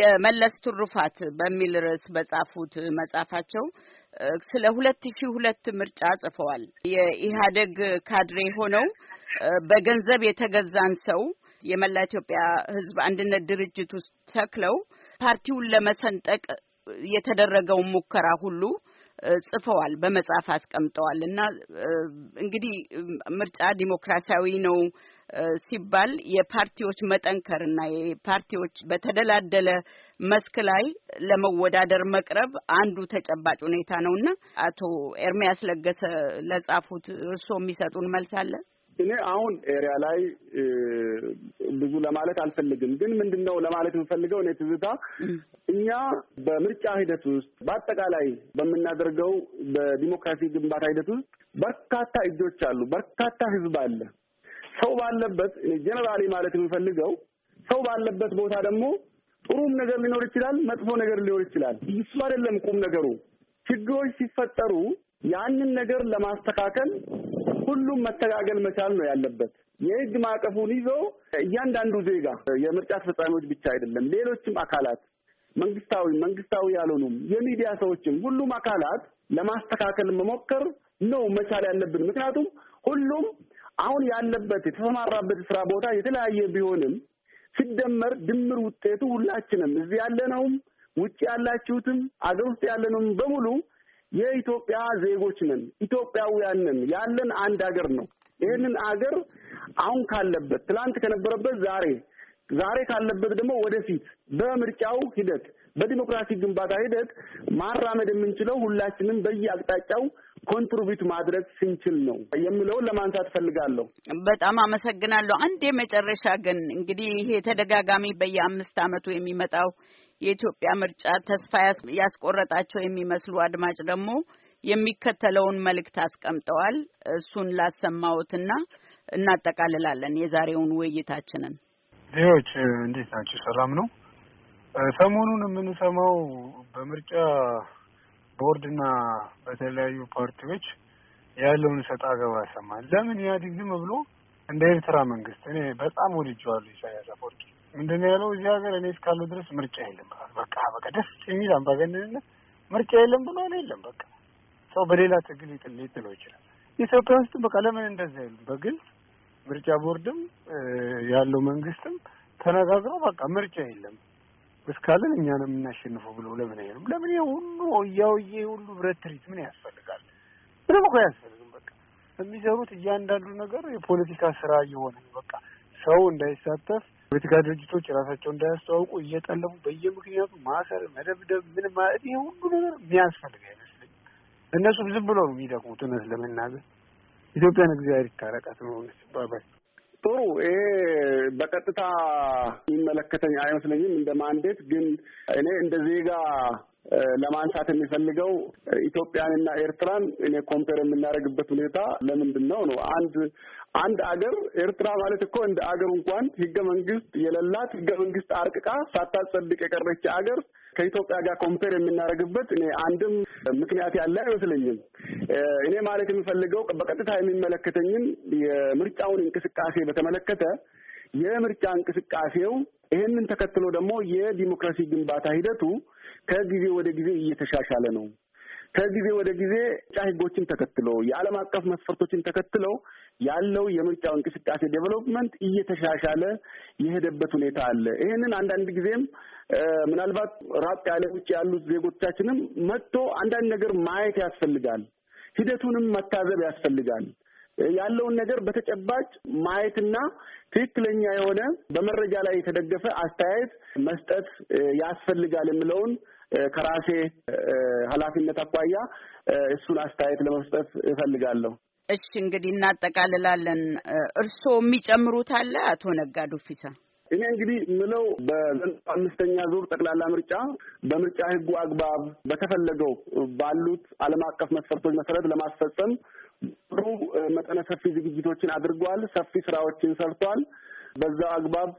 የመለስ ትሩፋት በሚል ርዕስ በጻፉት መጽሐፋቸው ስለ ሁለት ሺህ ሁለት ምርጫ ጽፈዋል። የኢህአደግ ካድሬ ሆነው በገንዘብ የተገዛን ሰው የመላ ኢትዮጵያ ሕዝብ አንድነት ድርጅት ውስጥ ተክለው ፓርቲውን ለመሰንጠቅ የተደረገውን ሙከራ ሁሉ ጽፈዋል፣ በመጽሐፍ አስቀምጠዋል። እና እንግዲህ ምርጫ ዲሞክራሲያዊ ነው ሲባል የፓርቲዎች መጠንከር እና የፓርቲዎች በተደላደለ መስክ ላይ ለመወዳደር መቅረብ አንዱ ተጨባጭ ሁኔታ ነው እና አቶ ኤርሚያስ ለገሰ ለጻፉት እርስዎ የሚሰጡን መልስ አለ? እኔ አሁን ኤሪያ ላይ ብዙ ለማለት አልፈልግም፣ ግን ምንድን ነው ለማለት የምፈልገው እኔ ትዝታ እኛ በምርጫ ሂደት ውስጥ በአጠቃላይ በምናደርገው በዲሞክራሲ ግንባታ ሂደት ውስጥ በርካታ እጆች አሉ፣ በርካታ ህዝብ አለ። ሰው ባለበት ጀነራሊ ማለት የምፈልገው ሰው ባለበት ቦታ ደግሞ ጥሩም ነገር ሊኖር ይችላል፣ መጥፎ ነገር ሊኖር ይችላል። እሱ አይደለም ቁም ነገሩ። ችግሮች ሲፈጠሩ ያንን ነገር ለማስተካከል ሁሉም መተጋገል መቻል ነው ያለበት። የህግ ማዕቀፉን ይዞ እያንዳንዱ ዜጋ የምርጫ አስፈጻሚዎች ብቻ አይደለም፣ ሌሎችም አካላት መንግስታዊ፣ መንግስታዊ ያልሆኑም የሚዲያ ሰዎችም፣ ሁሉም አካላት ለማስተካከል መሞከር ነው መቻል ያለብን። ምክንያቱም ሁሉም አሁን ያለበት የተሰማራበት ስራ ቦታ የተለያየ ቢሆንም ሲደመር ድምር ውጤቱ ሁላችንም እዚህ ያለነውም ውጭ ያላችሁትም አገር ውስጥ ያለነውም በሙሉ የኢትዮጵያ ዜጎች ነን፣ ኢትዮጵያውያን ነን። ያለን አንድ ሀገር ነው። ይህንን አገር አሁን ካለበት ትላንት ከነበረበት ዛሬ ዛሬ ካለበት ደግሞ ወደፊት በምርጫው ሂደት በዲሞክራሲ ግንባታ ሂደት ማራመድ የምንችለው ሁላችንም በየአቅጣጫው ኮንትሪቢዩት ማድረግ ስንችል ነው የምለውን ለማንሳት ፈልጋለሁ። በጣም አመሰግናለሁ። አንድ የመጨረሻ ግን እንግዲህ ይሄ ተደጋጋሚ በየአምስት ዓመቱ የሚመጣው የኢትዮጵያ ምርጫ ተስፋ ያስቆረጣቸው የሚመስሉ አድማጭ ደግሞ የሚከተለውን መልእክት አስቀምጠዋል። እሱን ላሰማሁትና እናጠቃልላለን የዛሬውን ውይይታችንን። ሌዎች እንዴት ናቸው? ሰላም ነው። ሰሞኑን የምንሰማው በምርጫ ቦርድና በተለያዩ ፓርቲዎች ያለውን ሰጥ አገባ ያሰማል። ለምን ኢህአዴግ ዝም ብሎ እንደ ኤርትራ መንግስት እኔ በጣም ወድጀዋለሁ ኢሳያስ አፈወርቂ ምንድን ያለው? እዚህ ሀገር እኔ እስካለሁ ድረስ ምርጫ የለም። በቃ በቃ ደስ የሚል አምባገነንነት ምርጫ የለም ብሎ የለም። በቃ ሰው በሌላ ትግል ሊጥለው ይችላል። ኢትዮጵያ ውስጥ በቃ ለምን እንደዛ ያሉ በግልጽ ምርጫ ቦርድም ያለው መንግስትም ተነጋግረው በቃ ምርጫ የለም እስካለን እኛ ነው የምናሸንፈው ብሎ ለምን አይሉም? ለምን ሁሉ እያውየ ሁሉ ብረት ትርኢት ምን ያስፈልጋል? ምንም እኮ ያስፈልግም። በቃ የሚሰሩት እያንዳንዱ ነገር የፖለቲካ ስራ እየሆነ በቃ ሰው እንዳይሳተፍ የፖለቲካ ድርጅቶች ራሳቸውን እንዳያስተዋውቁ እየጠለፉ በየምክንያቱ ማሰር፣ መደብደብ፣ ምን ማለት ይሄ ሁሉ ነገር የሚያስፈልግ አይመስለኝ። እነሱም ዝም ብሎ ነው የሚደክሙት። እውነት ለመናገር ኢትዮጵያን እግዚአብሔር ይታረቃት ነው ሲባባል ጥሩ ይሄ በቀጥታ የሚመለከተኝ አይመስለኝም። እንደ ማንዴት ግን እኔ እንደ ዜጋ ለማንሳት የሚፈልገው ኢትዮጵያንና ኤርትራን እኔ ኮምፔር የምናደርግበት ሁኔታ ለምንድን ነው ነው አንድ አንድ አገር ኤርትራ ማለት እኮ እንደ አገር እንኳን ህገ መንግስት የሌላት ህገ መንግስት አርቅቃ ሳታጸድቅ የቀረች አገር ከኢትዮጵያ ጋር ኮምፔር የምናደርግበት እኔ አንድም ምክንያት ያለ አይመስለኝም። እኔ ማለት የምፈልገው በቀጥታ የሚመለከተኝን የምርጫውን እንቅስቃሴ በተመለከተ የምርጫ እንቅስቃሴው ይህንን ተከትሎ ደግሞ የዲሞክራሲ ግንባታ ሂደቱ ከጊዜ ወደ ጊዜ እየተሻሻለ ነው። ከጊዜ ወደ ጊዜ ጫ ህጎችን ተከትሎ የዓለም አቀፍ መስፈርቶችን ተከትለው ያለው የምርጫው እንቅስቃሴ ዴቨሎፕመንት እየተሻሻለ የሄደበት ሁኔታ አለ። ይህንን አንዳንድ ጊዜም ምናልባት ራቅ ያለ ውጭ ያሉት ዜጎቻችንም መጥቶ አንዳንድ ነገር ማየት ያስፈልጋል። ሂደቱንም መታዘብ ያስፈልጋል። ያለውን ነገር በተጨባጭ ማየትና ትክክለኛ የሆነ በመረጃ ላይ የተደገፈ አስተያየት መስጠት ያስፈልጋል የምለውን ከራሴ ኃላፊነት አኳያ እሱን አስተያየት ለመስጠት እፈልጋለሁ። እሺ እንግዲህ እናጠቃልላለን። እርስዎ የሚጨምሩት አለ አቶ ነጋዱ ፊሳ? እኔ እንግዲህ ምለው በዘንድሮ አምስተኛ ዙር ጠቅላላ ምርጫ በምርጫ ሕጉ አግባብ በተፈለገው ባሉት ዓለም አቀፍ መስፈርቶች መሰረት ለማስፈጸም ሩ መጠነ ሰፊ ዝግጅቶችን አድርጓል። ሰፊ ስራዎችን ሰርቷል። በዛው አግባብ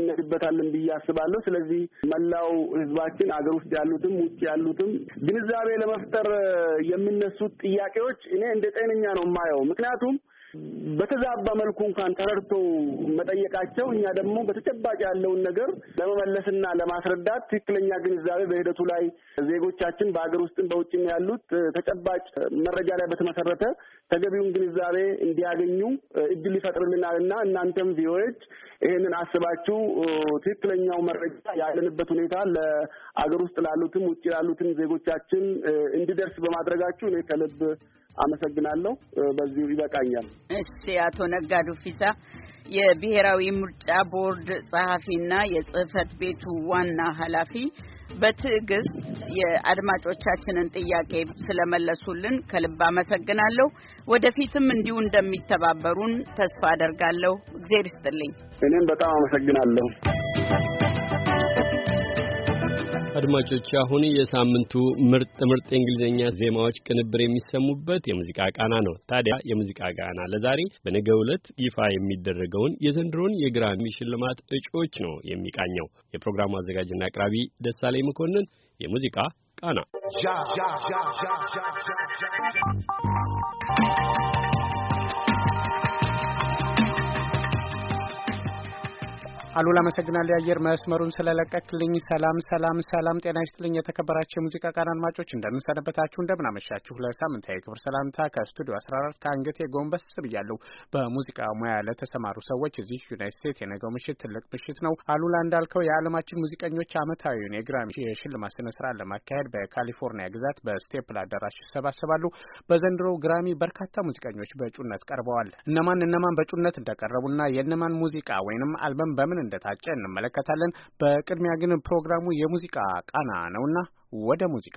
እንሄድበታለን ብዬ አስባለሁ። ስለዚህ መላው ህዝባችን አገር ውስጥ ያሉትም ውጭ ያሉትም ግንዛቤ ለመፍጠር የሚነሱት ጥያቄዎች እኔ እንደ ጤነኛ ነው የማየው ምክንያቱም በተዛባ መልኩ እንኳን ተረድቶ መጠየቃቸው እኛ ደግሞ በተጨባጭ ያለውን ነገር ለመመለስና ለማስረዳት ትክክለኛ ግንዛቤ በሂደቱ ላይ ዜጎቻችን በሀገር ውስጥም በውጭም ያሉት ተጨባጭ መረጃ ላይ በተመሰረተ ተገቢውን ግንዛቤ እንዲያገኙ እድል ይፈጥርልናል እና እናንተም ቪኦኤዎች ይህንን አስባችሁ ትክክለኛው መረጃ ያለንበት ሁኔታ ለአገር ውስጥ ላሉትም ውጭ ላሉትም ዜጎቻችን እንዲደርስ በማድረጋችሁ እኔ ከልብ አመሰግናለሁ። በዚሁ ይበቃኛል። እሺ፣ አቶ ነጋዱ ፊሳ የብሔራዊ ምርጫ ቦርድ ጸሐፊና የጽህፈት ቤቱ ዋና ኃላፊ በትዕግስት የአድማጮቻችንን ጥያቄ ስለመለሱልን ከልብ አመሰግናለሁ። ወደፊትም እንዲሁ እንደሚተባበሩን ተስፋ አደርጋለሁ። እግዜር ይስጥልኝ። እኔም በጣም አመሰግናለሁ። አድማጮች አሁን የሳምንቱ ምርጥ ምርጥ የእንግሊዝኛ ዜማዎች ቅንብር የሚሰሙበት የሙዚቃ ቃና ነው። ታዲያ የሙዚቃ ቃና ለዛሬ በነገ ዕለት ይፋ የሚደረገውን የዘንድሮን የግራሚ ሽልማት እጩዎች ነው የሚቃኘው። የፕሮግራሙ አዘጋጅና አቅራቢ ደሳለኝ መኮንን። የሙዚቃ ቃና አሉላ አመሰግናለሁ የአየር መስመሩን ስለለቀቅልኝ። ሰላም ሰላም ሰላም፣ ጤና ይስጥልኝ የተከበራቸው የሙዚቃ ቃን አድማጮች እንደምንሰነበታችሁ፣ እንደምናመሻችሁ። ለሳምንታዊ ክብር ሰላምታ ከስቱዲዮ አስራ አራት ከአንገቴ ጎንበስ ብያለሁ። በሙዚቃ ሙያ ለተሰማሩ ሰዎች እዚህ ዩናይት ስቴትስ የነገው ምሽት ትልቅ ምሽት ነው። አሉላ እንዳልከው የዓለማችን ሙዚቀኞች አመታዊውን የግራሚ የሽልማት ስነ ስርዓት ለማካሄድ በካሊፎርኒያ ግዛት በስቴፕል አዳራሽ ይሰባሰባሉ። በዘንድሮ ግራሚ በርካታ ሙዚቀኞች በእጩነት ቀርበዋል። እነማን እነማን በእጩነት እንደቀረቡና የእነማን ሙዚቃ ወይንም አልበም በምን እንደታጨ እንመለከታለን። በቅድሚያ ግን ፕሮግራሙ የሙዚቃ ቃና ነውና ወደ ሙዚቃ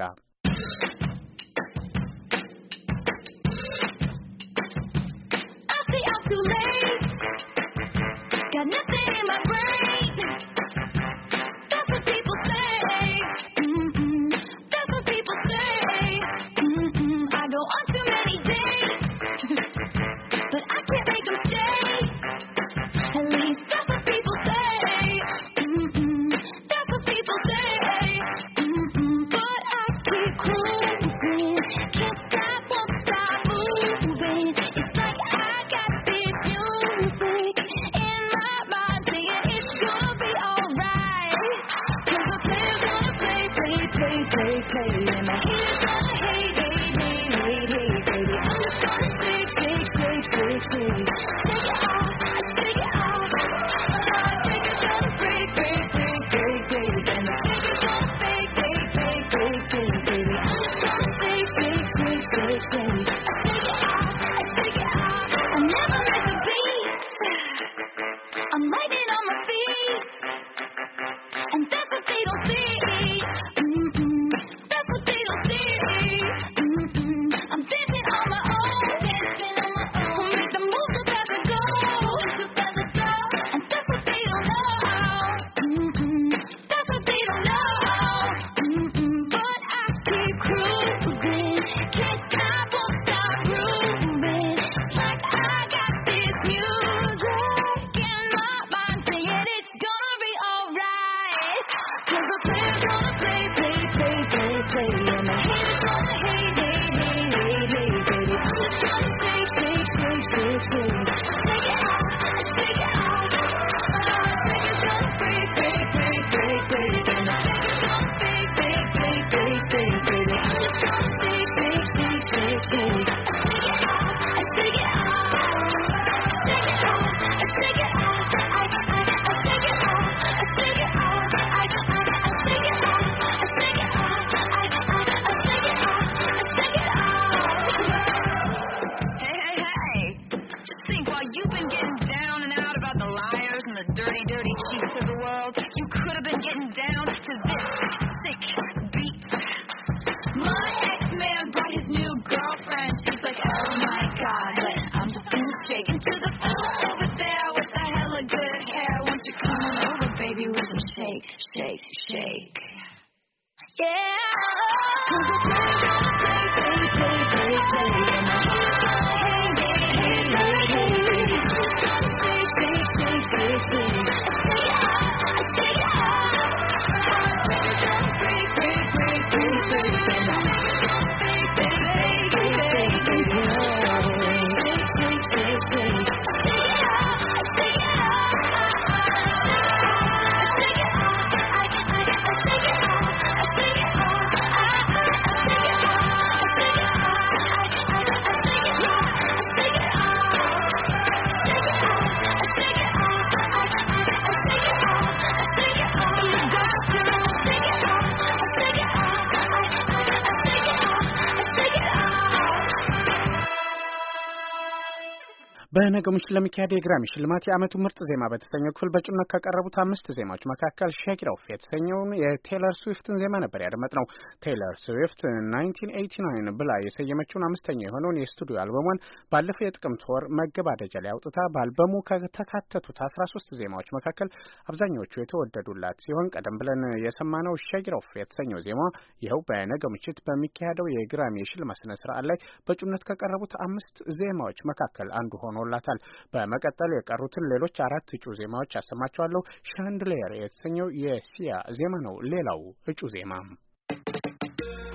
ነገ ምሽት ለሚካሄደው የግራሚ ሽልማት የዓመቱ ምርጥ ዜማ በተሰኘው ክፍል በእጩነት ከቀረቡት አምስት ዜማዎች መካከል ሼክ ኦፍ የተሰኘውን የቴይለር ስዊፍትን ዜማ ነበር ያደመጥነው። ቴይለር ስዊፍት 1989 ብላ የሰየመችውን አምስተኛ የሆነውን የስቱዲዮ አልበሟን ባለፈው የጥቅምት ወር መገባደጃ ላይ አውጥታ በአልበሙ ከተካተቱት 13 ዜማዎች መካከል አብዛኛዎቹ የተወደዱላት ሲሆን ቀደም ብለን የሰማነው ሼክ ኦፍ የተሰኘው ዜማ ይኸው በነገ ምሽት በሚካሄደው የግራሚ የሽልማት ስነ ላይ በእጩነት ከቀረቡት አምስት ዜማዎች መካከል አንዱ ሆኖላታል። ይጠበቃል። በመቀጠል የቀሩትን ሌሎች አራት እጩ ዜማዎች ያሰማቸዋለሁ። ሻንድሌር የተሰኘው የሲያ ዜማ ነው ሌላው እጩ ዜማ።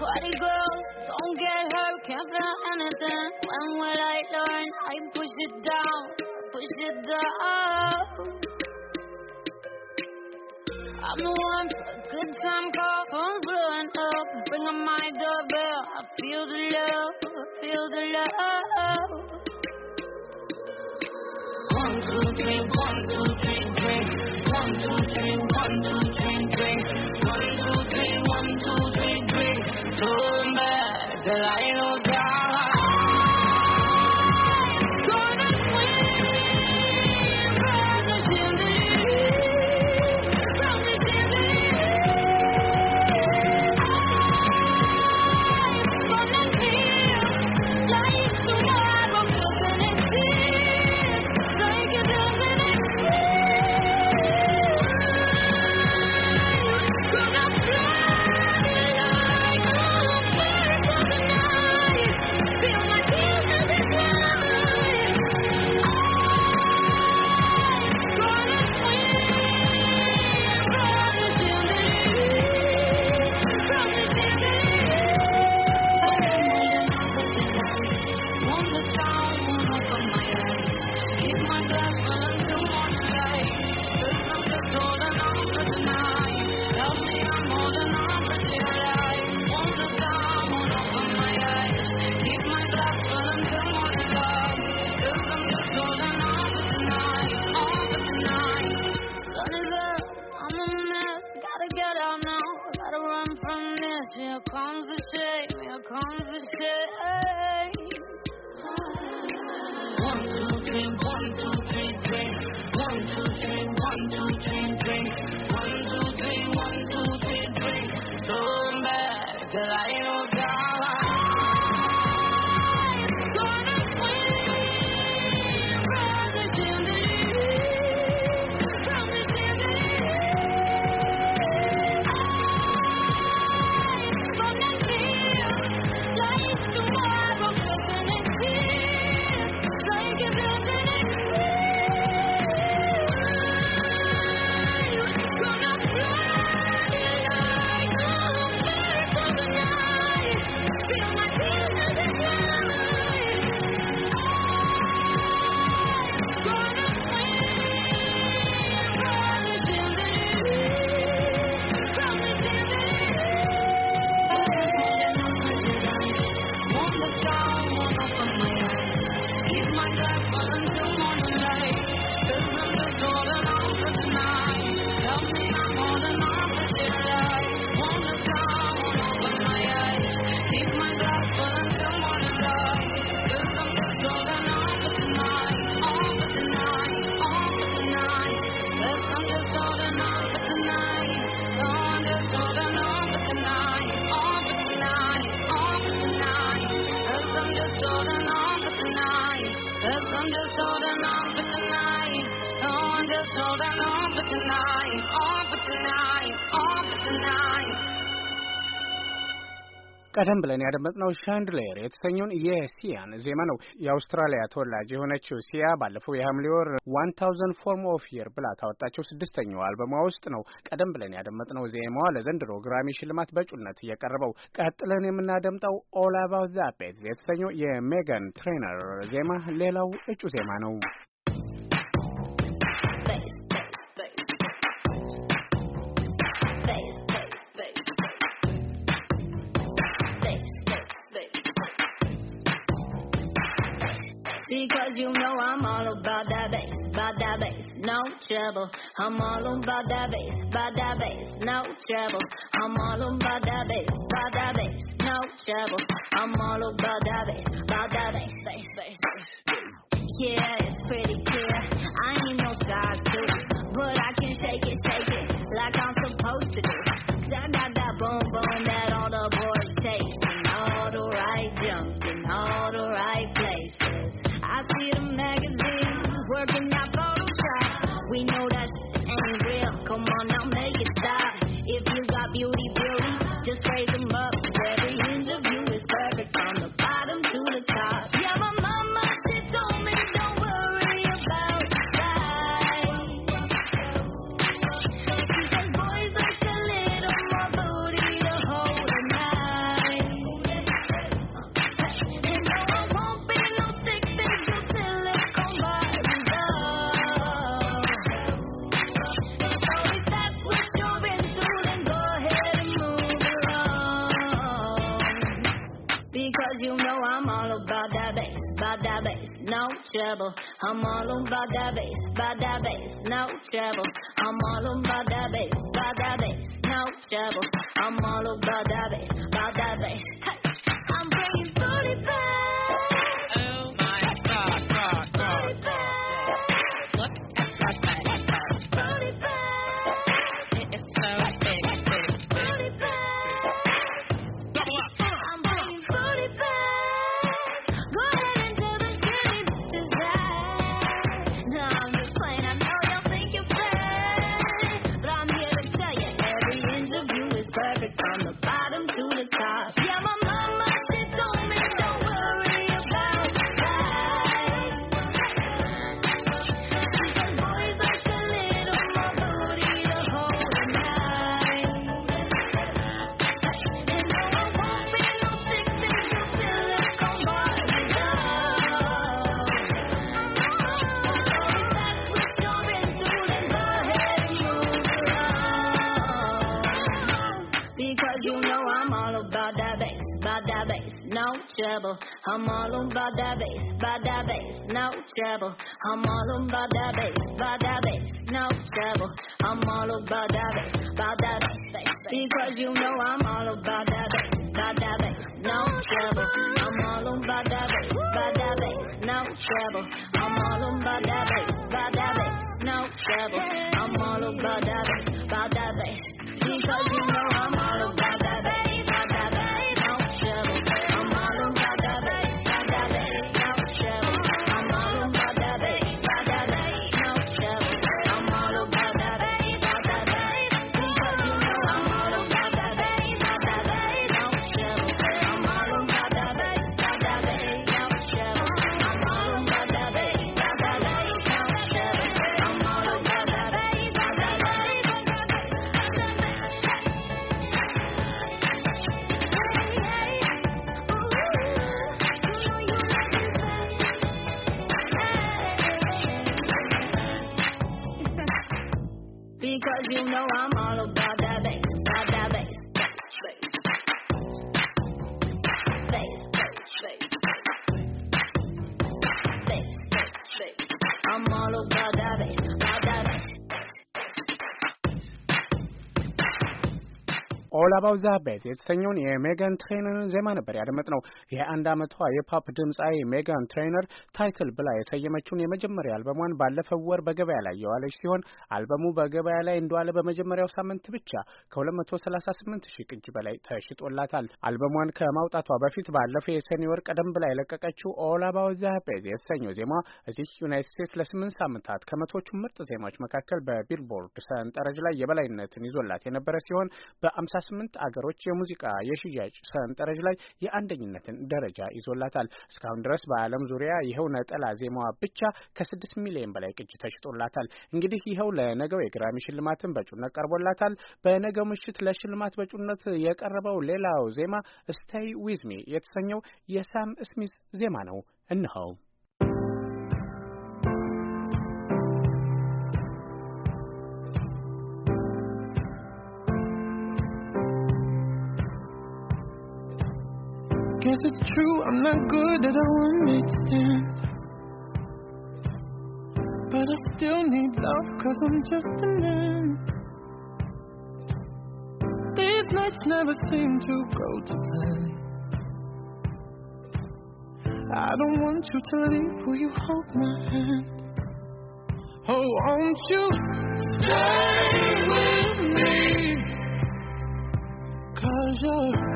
Party girls, don't get hurt, can't feel anything. When will I learn? I push it down, push it down. I'm the one for a good time call, phone's blowing up. Bring up my doorbell, I feel the love, I feel the love. One, two, three, three. One, two, three, one, two, three, three. Two. ቀደም ብለን ያደመጥነው ሻንድሌር የተሰኘውን የሲያን ዜማ ነው። የአውስትራሊያ ተወላጅ የሆነችው ሲያ ባለፈው የሐምሌ ወር ዋን ታውዘንድ ፎርም ኦፍ የር ብላ ታወጣቸው ስድስተኛው አልበሟ ውስጥ ነው ቀደም ብለን ያደመጥነው ዜማዋ ለዘንድሮ ግራሚ ሽልማት በእጩነት እየቀረበው ቀጥለን የምናደምጠው ኦል አባውት ዛት ቤት የተሰኘው የሜጋን ትሬነር ዜማ ሌላው እጩ ዜማ ነው። cause you know I'm all about that bass, about that bass, no trouble. I'm all about that bass, about that bass, no trouble. I'm all about that bass, about that bass, no trouble. I'm all about that bass, about that bass, bass, bass, bass. Yeah, it's pretty clear. I ain't no size two, but I can shake it, shake it like I'm supposed to do. trouble. I'm all about that bass, about that bass, no trouble. I'm all about that bass, about that bass, no trouble. I'm all about trouble. I'm all on by that bass, by that bass, no trouble. I'm all on by that bass, by that bass, no trouble. I'm all about that bass, by that bass, bass, because you know I'm all about that bass, by that bass, no trouble. I'm all on by that bass, by that bass, no trouble. I'm all on by that bass, by that bass, no trouble. I'm all about that bass, by that bass, because you know I'm all about that. ዘገባው ዛቤት የተሰኘውን የሜጋን ትሬነርን ዜማ ነበር ያደመጥነው። የአንድ ዓመቷ የፖፕ ድምፃዊ ሜጋን ትሬነር ታይትል ብላ የሰየመችውን የመጀመሪያ አልበሟን ባለፈው ወር በገበያ ላይ የዋለች ሲሆን አልበሙ በገበያ ላይ እንደዋለ በመጀመሪያው ሳምንት ብቻ ከ238 ሺህ በላይ ተሽጦላታል። አልበሟን ከማውጣቷ በፊት ባለፈው የሰኔ ወር ቀደም ብላ የለቀቀችው ኦል አባውት የተሰኘው ዜማ እዚህ ዩናይት ስቴትስ ለስምንት ሳምንታት ከመቶቹ ምርጥ ዜማዎች መካከል በቢልቦርድ ሰንጠረዥ ላይ የበላይነትን ይዞላት የነበረ ሲሆን በ58 ስምንት አገሮች የሙዚቃ የሽያጭ ሰንጠረዥ ላይ የአንደኝነትን ደረጃ ይዞላታል። እስካሁን ድረስ በዓለም ዙሪያ ይኸው ነጠላ ዜማዋ ብቻ ከስድስት ሚሊዮን በላይ ቅጅ ተሽጦላታል። እንግዲህ ይኸው ለነገው የግራሚ ሽልማትን በእጩነት ቀርቦላታል። በነገው ምሽት ለሽልማት በእጩነት የቀረበው ሌላው ዜማ ስቴይ ዊዝሚ የተሰኘው የሳም ስሚስ ዜማ ነው። እንኸው Guess it's true, I'm not good at all night stands. But I still need love, cause I'm just a man. These nights never seem to go to plan. I don't want you to leave, will you hold my hand? Oh, won't you stay with me? Cause you're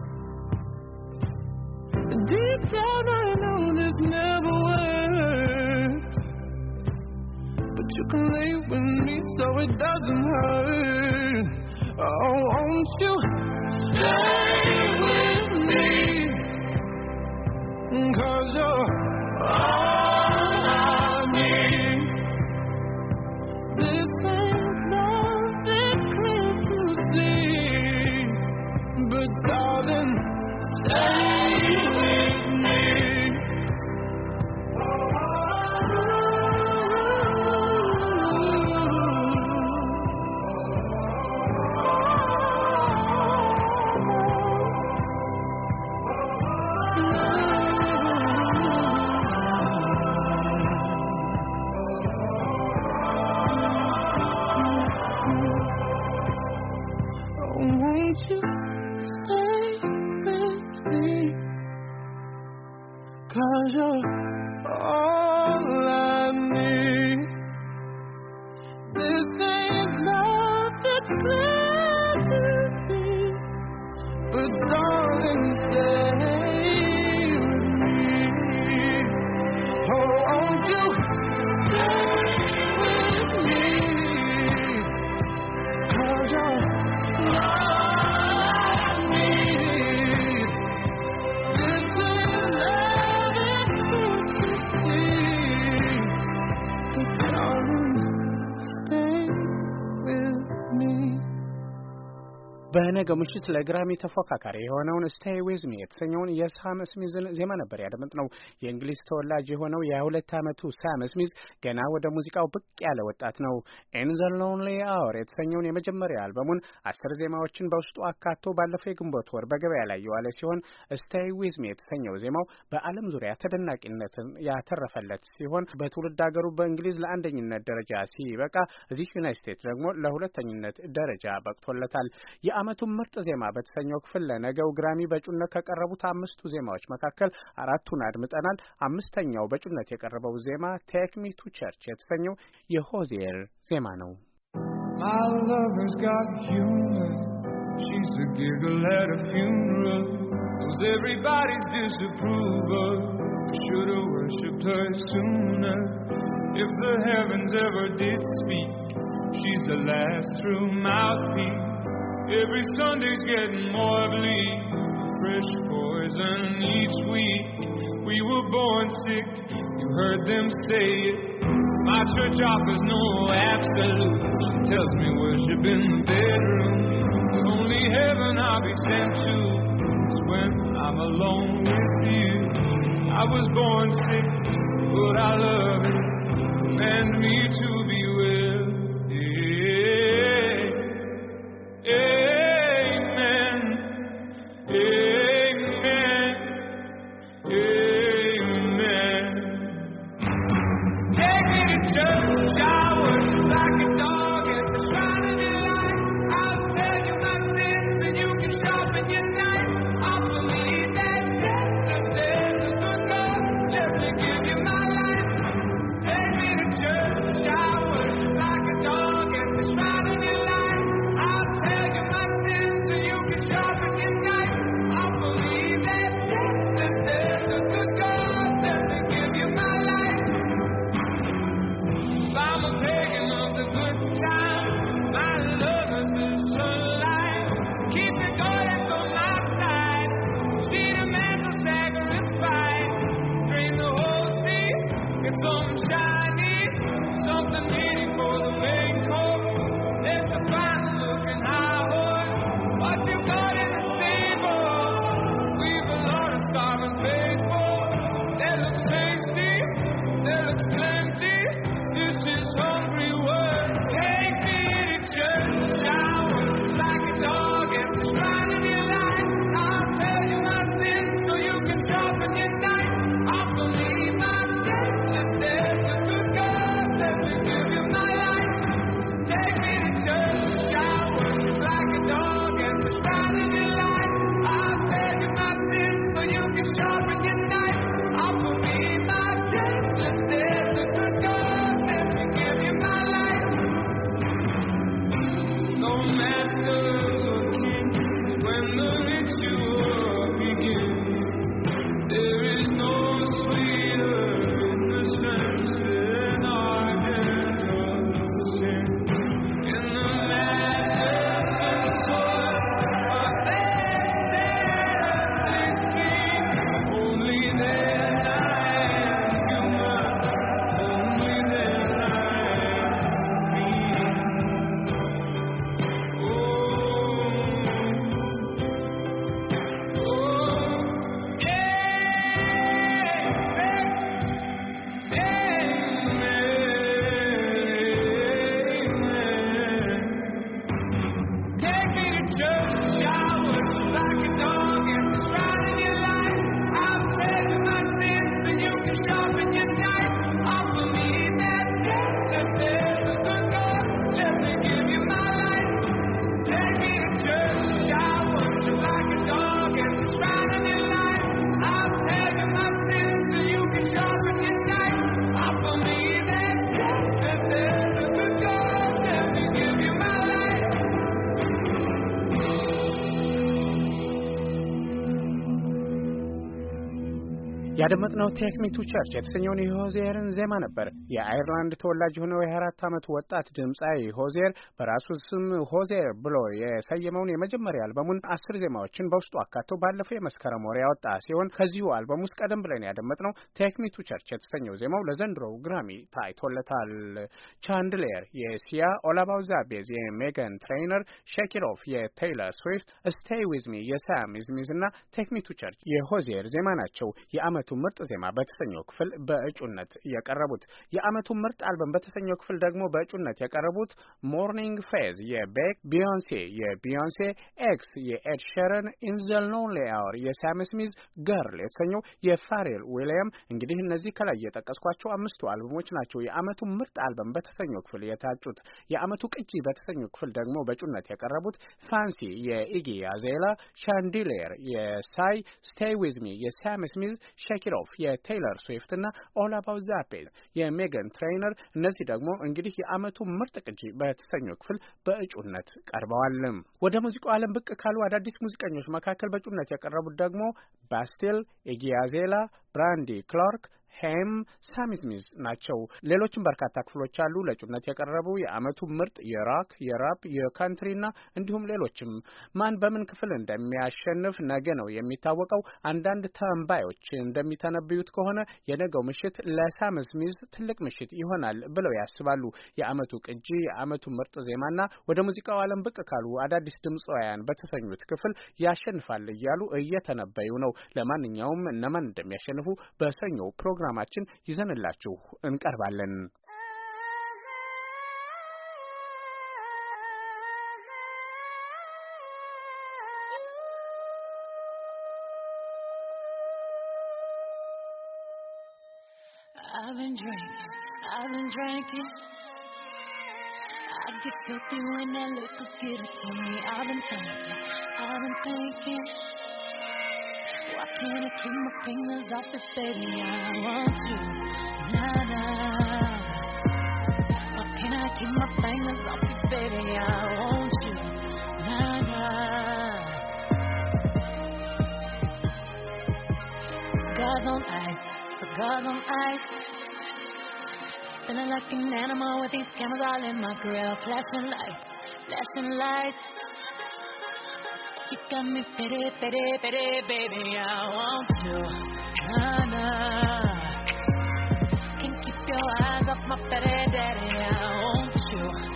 Deep down, I know this never works. But you can lay with me so it doesn't hurt. Oh, won't you stay with me? Cause you're all. will you stay with Cause you're all I በነገው ምሽት ለግራሚ ተፎካካሪ የሆነውን ስቴይ ዊዝ ሚ የተሰኘውን የሳም ስሚዝን ዜማ ነበር ያደመጥ ነው። የእንግሊዝ ተወላጅ የሆነው የሁለት ዓመቱ ሳም ስሚዝ ገና ወደ ሙዚቃው ብቅ ያለ ወጣት ነው። ኤን ዘ ሎንሊ አወር የተሰኘውን የመጀመሪያ አልበሙን አስር ዜማዎችን በውስጡ አካቶ ባለፈው የግንቦት ወር በገበያ ላይ የዋለ ሲሆን ስቴይ ዊዝ ሚ የተሰኘው ዜማው በዓለም ዙሪያ ተደናቂነትን ያተረፈለት ሲሆን በትውልድ ሀገሩ በእንግሊዝ ለአንደኝነት ደረጃ ሲበቃ እዚህ ዩናይት ስቴትስ ደግሞ ለሁለተኝነት ደረጃ በቅቶለታል። የዓመቱን ምርጥ ዜማ በተሰኘው ክፍል ለነገው ግራሚ በጩነት ከቀረቡት አምስቱ ዜማዎች መካከል አራቱን አድምጠናል። አምስተኛው በጩነት የቀረበው ዜማ ቴክ ቱ ቸርች የተሰኘው የሆዜር ዜማ ነው። She's the last true mouthpiece. Every Sunday's getting more bleak. Fresh poison each week. We were born sick. You heard them say it. My church offers no absolutes. Tells me worship in the bedroom. The only heaven I'll be sent to is when I'm alone with you. I was born sick, but I love you. Command me to ያደመጥነው ቴክ ሚ ቱ ቸርች የተሰኘውን የሆዜርን ዜማ ነበር። የአይርላንድ ተወላጅ የሆነው የ24 ዓመት ወጣት ድምፃዊ ሆዜር በራሱ ስም ሆዜር ብሎ የሰየመውን የመጀመሪያ አልበሙን አስር ዜማዎችን በውስጡ አካቶ ባለፈው የመስከረም ወር ያወጣ ሲሆን ከዚሁ አልበም ውስጥ ቀደም ብለን ያደመጥነው ቴክኒቱ ቸርች የተሰኘው ዜማው ለዘንድሮው ግራሚ ታይቶለታል። ቻንድሌር የሲያ ኦላባው ዛቤዝ የሜገን ትሬይነር ሼኪል የቴይለር ስዊፍት ስቴይ ዊዝሚ የሳም ዝሚዝ እና ቴክኒቱ ቸርች የሆዜር ዜማ ናቸው። የዓመቱ ምርጥ ዜማ በተሰኘው ክፍል በእጩነት የቀረቡት የአመቱ ምርጥ አልበም በተሰኘው ክፍል ደግሞ በእጩነት የቀረቡት ሞርኒንግ ፌዝ የቤክ፣ ቢዮንሴ የቢዮንሴ፣ ኤክስ የኤድ ሸረን፣ ኢን ዘ ሎንሊ አወር የሳም ስሚዝ፣ ገርል የተሰኘው የፋሬል ዊሊያም። እንግዲህ እነዚህ ከላይ የጠቀስኳቸው አምስቱ አልበሞች ናቸው የአመቱ ምርጥ አልበም በተሰኘው ክፍል የታጩት። የአመቱ ቅጂ በተሰኘው ክፍል ደግሞ በእጩነት የቀረቡት ፋንሲ የኢጊ አዜላ፣ ሻንዲሌር የሳይ፣ ስቴይ ዊዝ ሚ የሳም ስሚዝ፣ ሼክ ኢት ኦፍ የቴይለር ስዊፍት እና ኦል አባውት ዛት ቤዝ የሜ ሜገን ትሬይነር። እነዚህ ደግሞ እንግዲህ የአመቱ ምርጥ ቅጂ በተሰኘው ክፍል በእጩነት ቀርበዋል። ወደ ሙዚቃው ዓለም ብቅ ካሉ አዳዲስ ሙዚቀኞች መካከል በእጩነት ያቀረቡት ደግሞ ባስቲል፣ ኤጊያዜላ፣ ብራንዲ ክላርክ ሄም ሳሚስሚዝ ናቸው። ሌሎችም በርካታ ክፍሎች አሉ። ለእጩነት የቀረቡ የአመቱ ምርጥ የራክ፣ የራፕ፣ የካንትሪና እንዲሁም ሌሎችም። ማን በምን ክፍል እንደሚያሸንፍ ነገ ነው የሚታወቀው። አንዳንድ ተንባዮች እንደሚተነብዩት ከሆነ የነገው ምሽት ለሳምስሚዝ ትልቅ ምሽት ይሆናል ብለው ያስባሉ። የአመቱ ቅጂ፣ የአመቱ ምርጥ ዜማና ወደ ሙዚቃው አለም ብቅ ካሉ አዳዲስ ድምፃውያን በተሰኙት ክፍል ያሸንፋል እያሉ እየተነበዩ ነው። ለማንኛውም እነማን እንደሚያሸንፉ በሰኞው ፕሮግራም በፕሮግራማችን ይዘንላችሁ እንቀርባለን። I've been drinking, I've been drinking. I get filthy when that liquor gets to me. I've been thinking, I've been thinking. Why can't I keep my fingers off this baby? I want you, nah nah. Why can't I keep my fingers off you, baby? I want you, nah nah. Girls on ice, the girls on ice. Feeling like an animal with these cameras all in my grill, flashing lights, flashing lights. You got me pity, pity, pity, baby. I want you, kinda. Can't keep your eyes off my pity, daddy. I want you.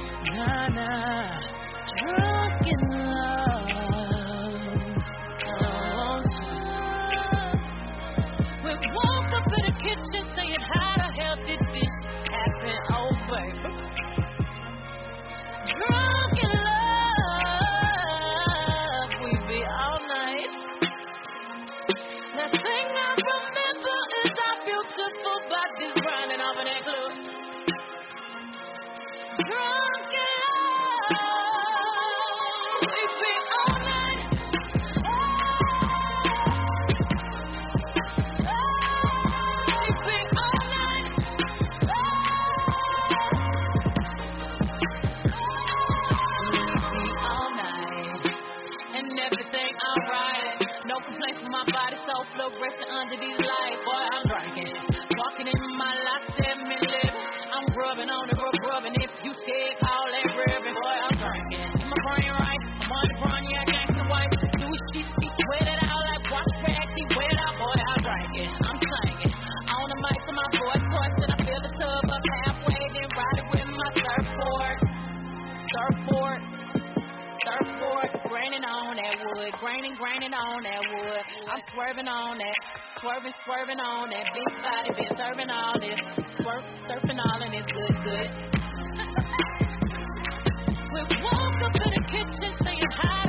grinding on that wood. I'm swerving on that. Swerving, swerving on that. Big body been serving all this. Swerp, surfing all in this good, good. <laughs> we walk up to the kitchen saying hi.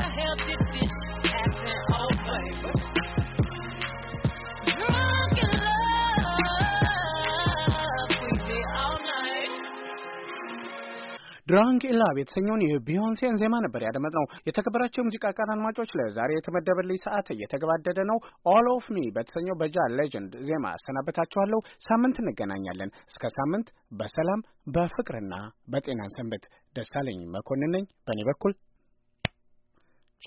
ድራንጌላ የተሰኘውን የቢዮንሴን ዜማ ነበር ያደመጥነው። የተከበራቸው የሙዚቃ ቃን አድማጮች ለዛሬ የተመደበልኝ ሰዓት እየተገባደደ ነው። ኦል ኦፍ ሚ በተሰኘው በጃ ሌጀንድ ዜማ አሰናበታችኋለሁ። ሳምንት እንገናኛለን። እስከ ሳምንት በሰላም በፍቅርና በጤናን ሰንበት። ደሳለኝ መኮንን ነኝ በእኔ በኩል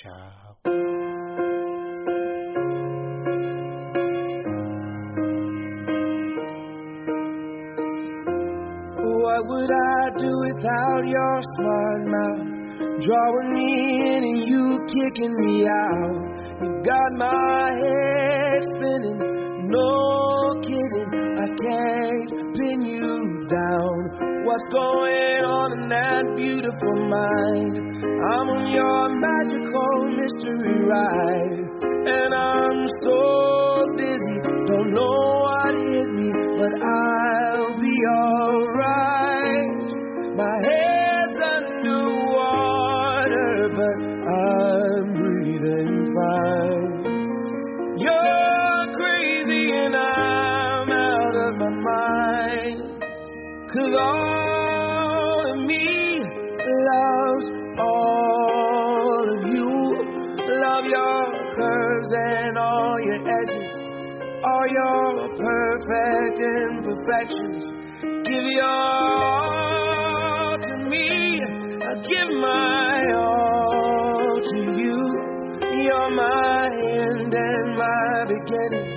ቻው። What would I do without your smart mouth? Drawing me in and you kicking me out. You got my head spinning, no kidding. I can't pin you down. What's going on in that beautiful mind? I'm on your magical mystery ride, and I'm so dizzy, don't know what hit me, but I alright. My head's but I'm breathing fine. You're crazy and I'm out of my all of me loves all of you. Love your curves and all your edges all your perfect imperfections. Give your all to me. I give my all to you. You're my end and my beginning.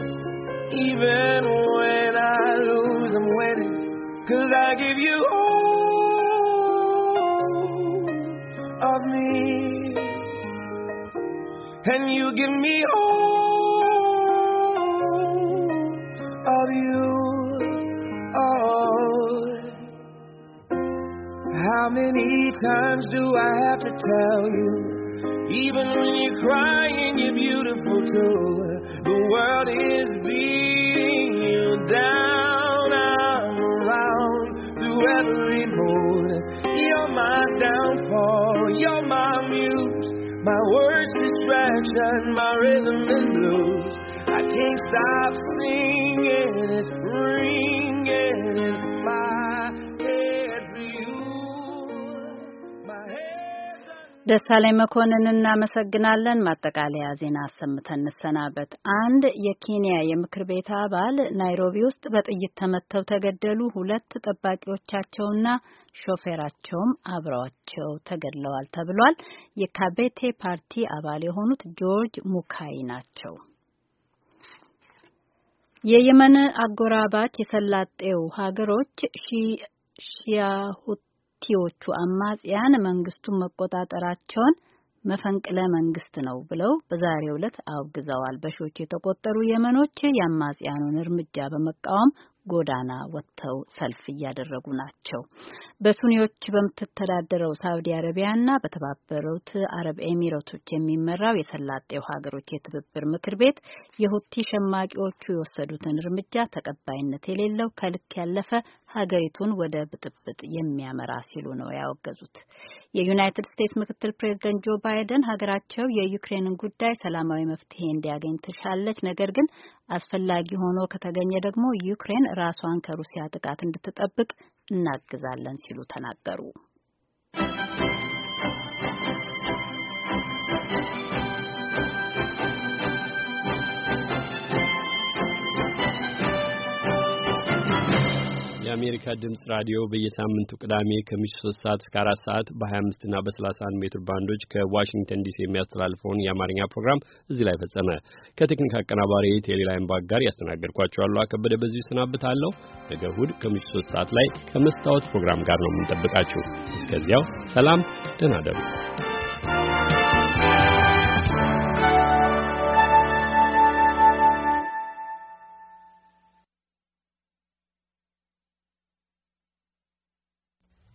Even when I lose, I'm winning. Cause I give you all of me. And you give me all. How many times do I have to tell you? Even when you're crying, you're beautiful too. The world is beating you down. I'm around through every mood. You're my downfall. You're my muse. My worst distraction, my rhythm and blues. I can't stop singing. It's ringing in my ላይ መኮንን እናመሰግናለን። ማጠቃለያ ዜና አሰምተን እንሰናበት። አንድ የኬንያ የምክር ቤት አባል ናይሮቢ ውስጥ በጥይት ተመተው ተገደሉ። ሁለት ጠባቂዎቻቸውና ሾፌራቸውም አብረዋቸው ተገድለዋል ተብሏል። የካቤቴ ፓርቲ አባል የሆኑት ጆርጅ ሙካይ ናቸው። የየመን አጎራባች የሰላጤው ሀገሮች ሺያሁት ሁቲዎቹ አማጽያን መንግስቱን መቆጣጠራቸውን መፈንቅለ መንግስት ነው ብለው በዛሬው ዕለት አውግዘዋል። በሺዎች የተቆጠሩ የመኖች የአማጽያኑን እርምጃ በመቃወም ጎዳና ወጥተው ሰልፍ እያደረጉ ናቸው። በሱኒዎች በምትተዳደረው ሳውዲ አረቢያና በተባበሩት አረብ ኤሚሬቶች የሚመራው የሰላጤው ሀገሮች የትብብር ምክር ቤት የሁቲ ሸማቂዎቹ የወሰዱትን እርምጃ ተቀባይነት የሌለው ከልክ ያለፈ ሀገሪቱን ወደ ብጥብጥ የሚያመራ ሲሉ ነው ያወገዙት። የዩናይትድ ስቴትስ ምክትል ፕሬዚደንት ጆ ባይደን ሀገራቸው የዩክሬንን ጉዳይ ሰላማዊ መፍትሄ እንዲያገኝ ትሻለች፣ ነገር ግን አስፈላጊ ሆኖ ከተገኘ ደግሞ ዩክሬን ራሷን ከሩሲያ ጥቃት እንድትጠብቅ እናግዛለን ሲሉ ተናገሩ። የአሜሪካ ድምጽ ራዲዮ በየሳምንቱ ቅዳሜ ከምሽቱ 3 ሰዓት እስከ 4 ሰዓት በ25 እና በ31 ሜትር ባንዶች ከዋሽንግተን ዲሲ የሚያስተላልፈውን የአማርኛ ፕሮግራም እዚህ ላይ ፈጸመ። ከቴክኒክ አቀናባሪ ቴሌላይም ባግ ጋር ያስተናገድኳቸዋለሁ። አከበደ በዚሁ ይሰናብታለሁ። ነገ እሁድ ከምሽቱ 3 ሰዓት ላይ ከመስታወት ፕሮግራም ጋር ነው የምንጠብቃችሁ። እስከዚያው ሰላም፣ ደህና ደሩ።